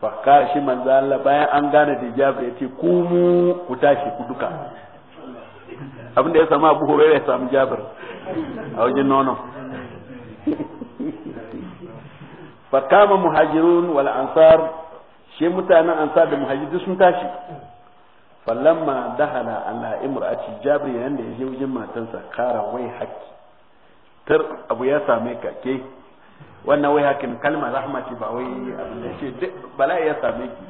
[SPEAKER 1] fakka shi manzo Allah bayan an gane da jabir yace kumu ku tashi ku duka abinda ya samu Abu Hurairah ya samu Jabir a wajen nono fakama muhajirun wal ansar shi mutanen ansar da muhajiru sun tashi falamma dahala ala imra'ati jabri nan da yaje wajen matansa kara wai haki tar abu ya same ka ke wannan wai hakin kalmar rahma ce ba wai abin da ce bala'i ya same ki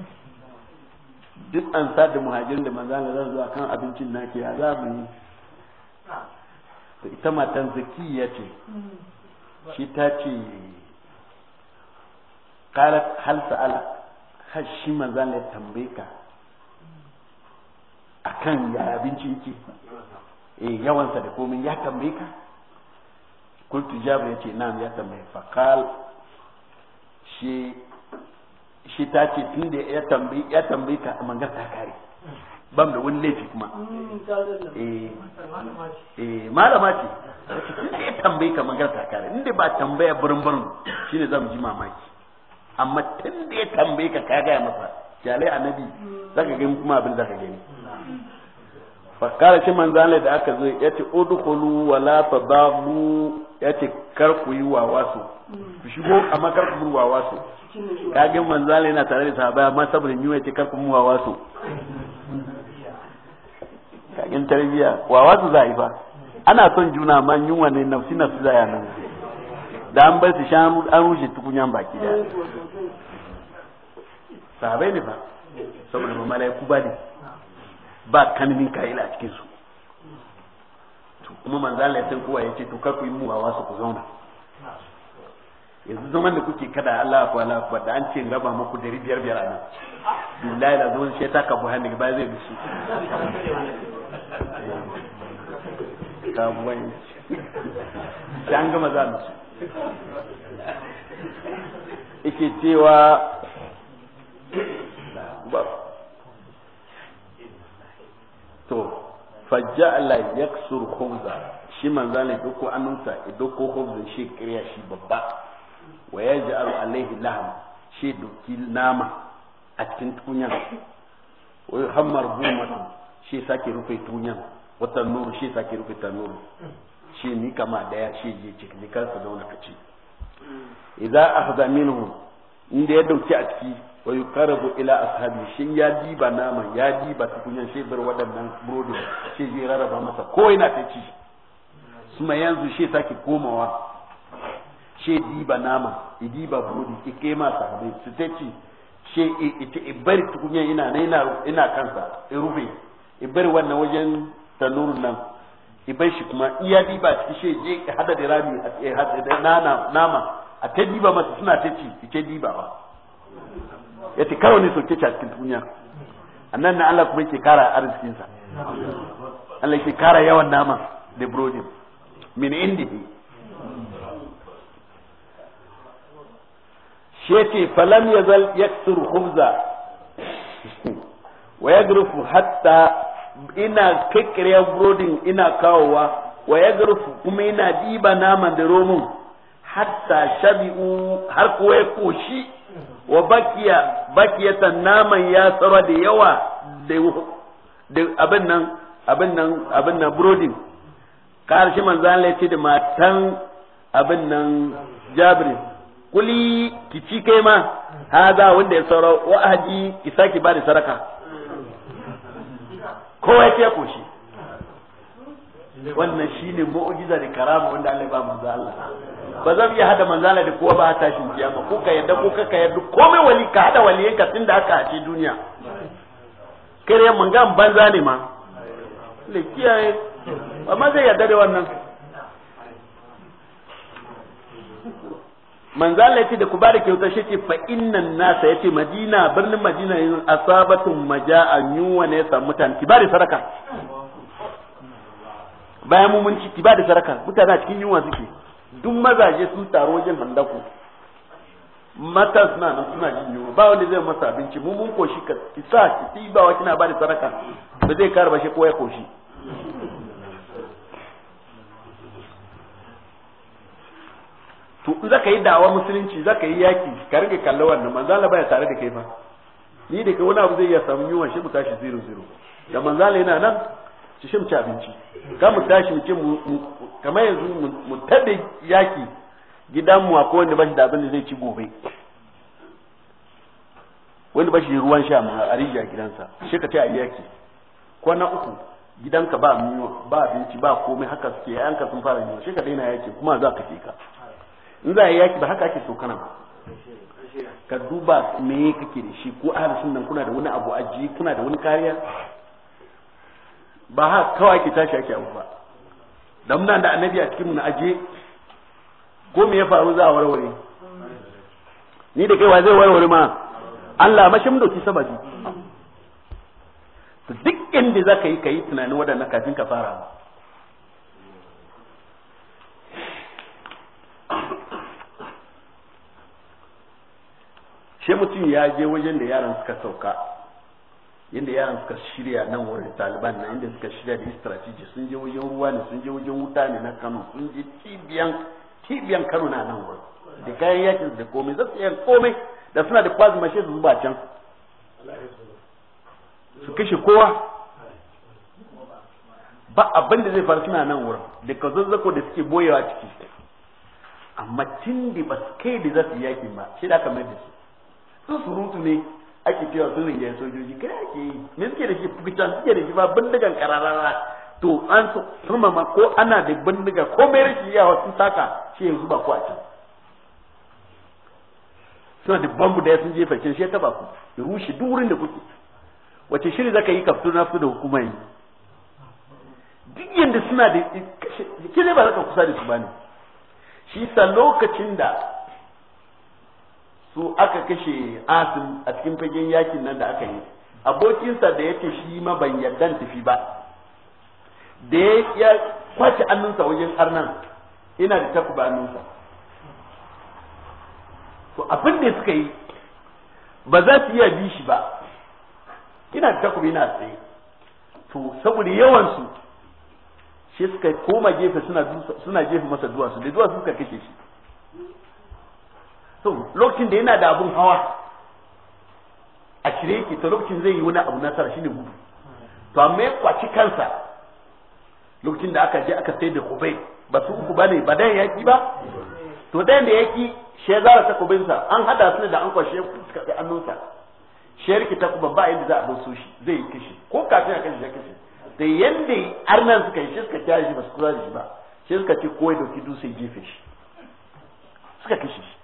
[SPEAKER 1] duk an sa da muhajirin da manzana zan zuwa kan abincin naki ya za mu yi to ita matan ya ce shi ta ce qalat hal sa'ala hashi shi ya tambaye ka kan ya abinci yake eh yawansa da komai ya tambaye ka kultu jabir yace na'am ya tambaye fa qal shi shi ta ce tun da ya tambayi ya tambayi ka a mangar ta kare ban da wani laifi kuma eh eh malama
[SPEAKER 2] ce tun da ya tambayi
[SPEAKER 1] ka mangar ta kare inda ba tambaya burin burin shine zamu ji mamaki amma tun da ya tambayi ka ka gaya masa jalai annabi zaka gani kuma abin zaka gani fakara shi manzan da aka zo ya ce udkhulu wala tadabu ya ce kar ku yi wawasu ku shigo amma kar ku wawasu kage manzan yana tare da sahaba amma saboda ni ya ce kar ku mu wawasu kagin tarbiya wawasu za fa ana son juna amma yin ne nafsi nafsi za ya nan da an bar su sha an rushe tukunyan baki da sahabai ne fa saboda mamalai ku ba ne ba kanini kayi a cikin su to kuma manzo Allah ya san kowa yace to kar ku yi muwawa su ku zauna yanzu zaman da kuke kada Allah ku Allah ku da an ce raba muku dari biyar biyar a billahi la zuwan shi ta ka bu hannu ba zai bishi ka buwan sai an gama za mu yake cewa to ya yaksur khubza shi manzan ne duk annunsa duk khubzin shi kirya shi babba wa ya yaj'al alaihi laham shi duki nama a cikin tunyan wa yuhammar bumatu shi sake rufe tunyan wata nuru shi sake rufe ta nuru shi ni kama daya shi je ciki ni kansa da wani kaci idan akhadha minhu inda ya dauki a ciki wa yuqarabu ila ashabi shi ya diba nama ya diba tukunyan shi bar waɗannan burodi shi zai raraba masa ko ina ta ci suma yanzu shi sake komawa shi diba nama i diba burodi ki ma sahabi su ta ci shi ita bar tukunyan ina ne ina kansa i rufe bar wannan wajen tanurun nan bar shi kuma iya diba ciki shi je hada da rami a nama a ta diba masa suna ta ci ta diba ba ya ce karo ne soke shi a cikin duniya annan na Allah kuma yake kara arzikinsa Allah yake kara yawan nama da burodin min indi. shi yake falam ya zal yaksur khubza wa yagrufu hatta ina kekkire burodin ina kawowa wa yagrufu kuma ina diba nama da romun hatta shabi'u har kuwa ya koshi wa bakiya bakiyatan naman ya tsara da yawa da abin nan abin nan abin nan brodin karshe manzo Allah ya da matan abin nan Jabir kuli ki ci kai ma haza wanda ya saura wa ahdi ki saki ba da saraka kowa ya koshi wannan shine mu'jiza da karama wanda Allah ya ba manzo Allah ba zan iya hada manzala da kowa ba a tashin kiyama ko ka yadda ko ka yadda komai wali ka hada waliyan ka tun da aka hace duniya kare ga banza ne ma le kiyaye ba ma zai yadda da wannan manzala yace da ku ba da kyauta shi ce fa innan nasa yace madina birnin madina yin asabatun maja'an yunwa ne sa mutan kibari ba da sadaka bayan mun ci ba da sadaka mutane a cikin yunwa suke duk mazaje sun taro wajen handaku mata suna nan suna jin yiwu ba wanda zai masa abinci mu mun koshi ka isa ki ti ba wa kina ba da sadaka ba zai kare ba shi ko ya koshi to in zaka yi dawa musulunci zaka yi yaki ka rage kallon wannan manzo Allah baya tare da kai ba ni da kai wani abu zai iya samu yiwu shi mu tashi zero zero da manzo Allah yana nan shi mu ci abinci ga mu tashi mu ce mu kamar yanzu mu tabe yaki gidanmu akwai wanda bashi da abin da zai ci gobe wanda bashi ruwan sha ma a rijiya gidansa shi ka ce a yaki kwana uku gidanka ba miyo ba abinci ba komai haka suke yanka sun fara yiwa shi ka daina yaki kuma za ka ka in za a yaki ba haka ake so kana ba ka duba me kake da shi ko ahalisun nan kuna da wani abu ajiye kuna da wani kariya ba haka kawai ake tashi ake abu ba da muna da annabi a cikin mu na aje ko me ya faru za a warware ni da kaiwa zai warware ma Allah ma shin dauki sababi to duk inda zaka yi kai tunanin wadannan kafin ka fara shi mutum ya je wajen da yaran suka sauka inda yaran suka shirya nan wurin taliban na inda suka shirya da strategy sun je wajen ruwa ne sun je wajen wuta ne na kano sun je cibiyan cibiyan kano na nan wurin da kayan yakin da komai za su iya komai da suna da kwazi mashe su zuba can su kashe kowa ba abin da zai faru suna nan wurin da zazzako da suke boyewa ciki amma tun da ba su kai da za su yaki ba shi da aka mai da su sun surutu ne ake cewa sun rinjaye sojoji kai ake yi me suke da shi fukucan suke da shi ba bindigan kararara to an turmama ko ana da bindiga ko mai rashi yawa wasu saka shi yanzu ba ku a can suna da bambu da ya sun jefa can shi ya taba ku rushe duk wurin da kuke wace shiri zaka yi kaftu na fito da hukuma yi duk yanda suna da kashe ba zaka kusa da su bane shi sa lokacin da su aka kashe asim a cikin fagen yakin nan da aka yi abokinsa da yake shi ma ban yardan tafi ba da ya kwace annunsa wajen arnan ina da takuba annunsa to abin da suka yi ba za su iya bi shi ba ina da takuba ina tsaye to saboda yawansu shi suka koma gefe suna gefe masa duwatsu da duwatsu suka kashe shi so lokacin da yana da abun hawa a shirye ki to lokacin zai yi wani abu nasara shine gudu to amma ya kwaci kansa lokacin da aka je aka sai da kubai ba su uku bane ba dan yaki ba to dan da yaki she zara ta sa an hada su da an kwashe suka kai annonsa she ki ta kuma ba yadda za a bar shi zai yi kishi ko kafin a kashi ya kishi da yanda arnan suka yi shi suka kiyaye shi ba su kula da shi ba shi suka ce ko ya dauki dutse gefe shi suka kishi shi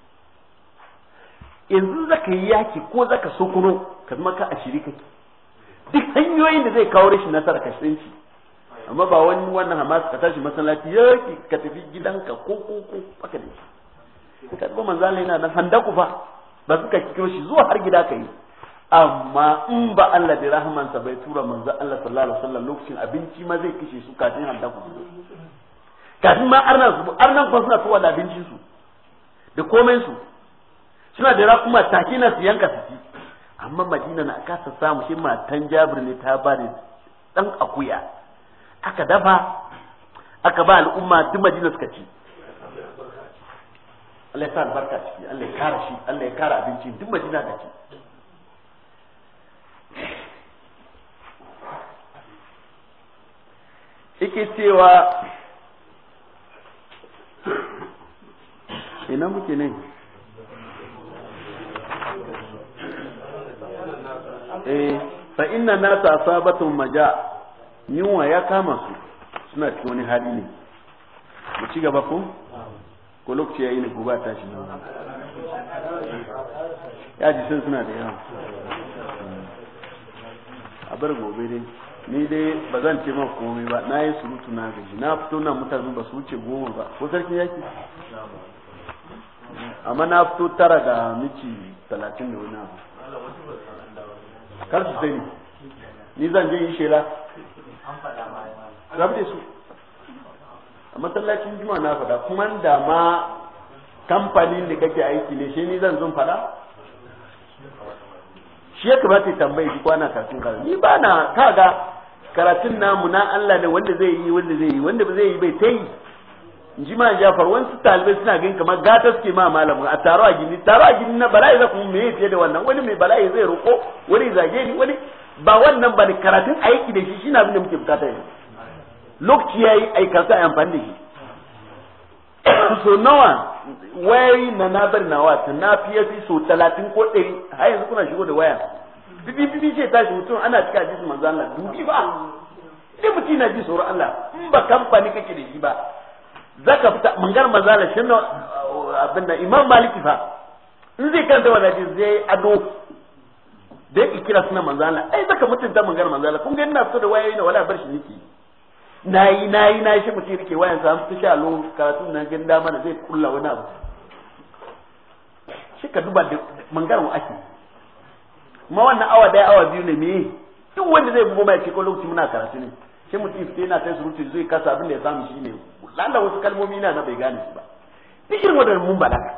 [SPEAKER 1] yanzu zaka yi yaki ko zaka sukuro ka zama ka ashiri kake duk hanyoyin da zai kawo rashin nasara ka shirinci shi amma ba wani wannan hamas ka tashi masallaci yaki ka tafi gidanka ko ko ko baka da shi ka ba manzo Allah yana nan handaku fa ba suka kiro shi zuwa har gida kai amma in ba Allah da sa bai tura manzo Allah sallallahu alaihi wasallam lokacin abinci ma zai kishe su kafin handaku kafin ma arnan su arnan kuma suna tuwa da abincin su da komai su suna da rakuma take na su yanka su amma madina na kasa samu shi matan jabir ne ta ba da dan akuya aka dafa aka ba al'umma duk madina suka ci Allah ya sa albarka ciki Allah ya kara shi Allah ya kara abinci duk madina da ci yake cewa ina muke ne eh fa inna nasa asabatun maja yunwa ya kama su suna cikin wani hali ne mu ci gaba ko ko lokaci yi ne gobe tashi ne eh,
[SPEAKER 2] ya ji sun suna da yawa
[SPEAKER 1] a bar gobe dai ni dai ba zan ce maka komai ba na yi surutu na gaji na fito na mutane ba su wuce goma ba ko sarkin yaki amma na fito tara da miki talatin da wani abu
[SPEAKER 2] kar su sai ni ni zan je yi shela
[SPEAKER 1] rabu su a masallacin juma na faɗa kuma da ma kamfanin da kake aiki ne shi ni zan zun faɗa shi ya kamata ya tambaye shi kwana karatun karatu ni ba na kaga karatun namu na Allah ne wanda zai yi wanda zai yi wanda ba zai yi bai ta yi in ji ma jafar wani talibai suna gani kamar gata suke ma malamin a taro a gini taro a gini na bala'i za kuma me fiye da wannan wani mai bala'i zai roƙo wani zage ni wani ba wannan ba ne karatun aiki da shi shi na abin da muke bukata yanzu lokaci ya yi aikarsa a amfani da shi so nawa wayoyi na na bari na wata na fiye fi so talatin ko ɗari har yanzu kuna shigo da waya bibi bibi ce tashi mutum ana cika jisu manzo Allah dubi ba idan mutum na ji tsoron Allah in ba kamfani kake da shi ba zaka fita mangar mazala shi uh, abin da imam maliki fa in zai karanta wannan hadisi zai ado da yake kira suna manzala ai zaka mutunta mangar manzala kun ga ina fito da wayoyi na wala bar shi niki nayi nayi nayi shi mutum yake wayan sa fita sha lo karatu nan gin dama na zai kulla wani abu shi ka duba da mangar mu ake ma wannan awa daya awa biyu ne me duk wanda zai bugo mai ce ko lokaci muna karatu ne shi mutum fita yana kai surutu zai kasa abin da ya samu shi ne lalla wasu kalmomi na na bai gane su ba duk mu wadannan mun balaka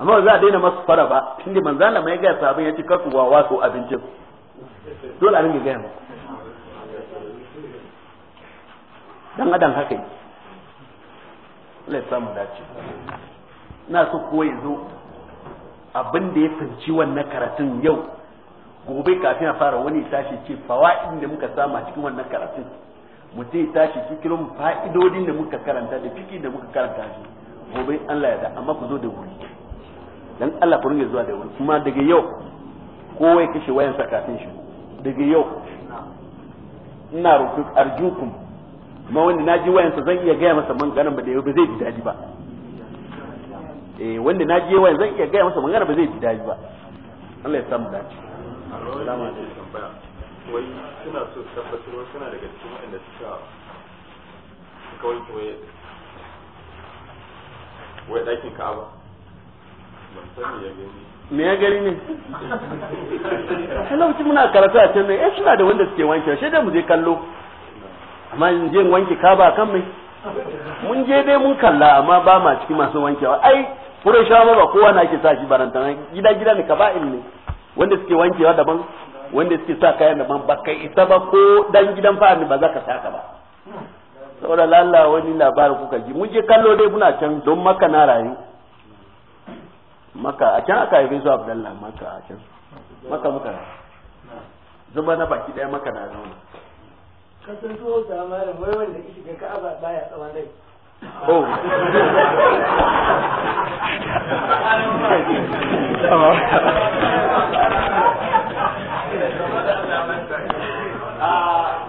[SPEAKER 1] amma ba za a daina masu fara ba inda manzo Allah mai gaya sabon ya ce kar ku wawa abincin dole a ringa gaya muku dan adam haka yi Allah ya samu dace na so ko yanzu abin da ya fanci wannan karatun yau gobe kafin a fara wani tashi ce fawa'in da muka samu a cikin wannan karatun mu ya tashi kikirin fa'idodin da muka karanta da fiki da muka karanta shi gobe Allah ya da amma ku zo da wuri dan Allah ku ringe zuwa da wuri kuma daga yau kowa ya kashe wayansa kafin shi daga yau ina roƙi arjukum ma wanda na ji wayansa zan iya gaya masa manganan ba da yau ba zai ji daji ba eh wanda na ji wayan zan iya gaya masa manganan ba zai ji daji ba Allah ya samu dace samu
[SPEAKER 2] dace wai suna so tabbatar wasu suna daga cikin waɗanda suka wai ɗakin ka'aba ban sani ya gani
[SPEAKER 1] me ya gani ne talauci muna karatu a can ne eh suna da wanda suke wanke shi da mu je kallo amma in je wanke kaba kan mai mun je dai mun kalla amma ba ma ciki masu wankewa ai furai shawa ba kowa na ke sa shi barantana gida gida ne ka ba ne wanda suke wankewa daban wanda suke sa kayan da man baka isa ba ko dan gidan fa'ani ba za ka saka ba saboda lalla wani labarin kuka ji mun je kallo dai muna can don maka na rayu maka a can aka haife su abdallah maka a can maka muka Zuma na baki daya maka na zauna
[SPEAKER 2] kasan tuwo da malam wai wanda ishi ga ka'aba baya tsawon rai Oh. آه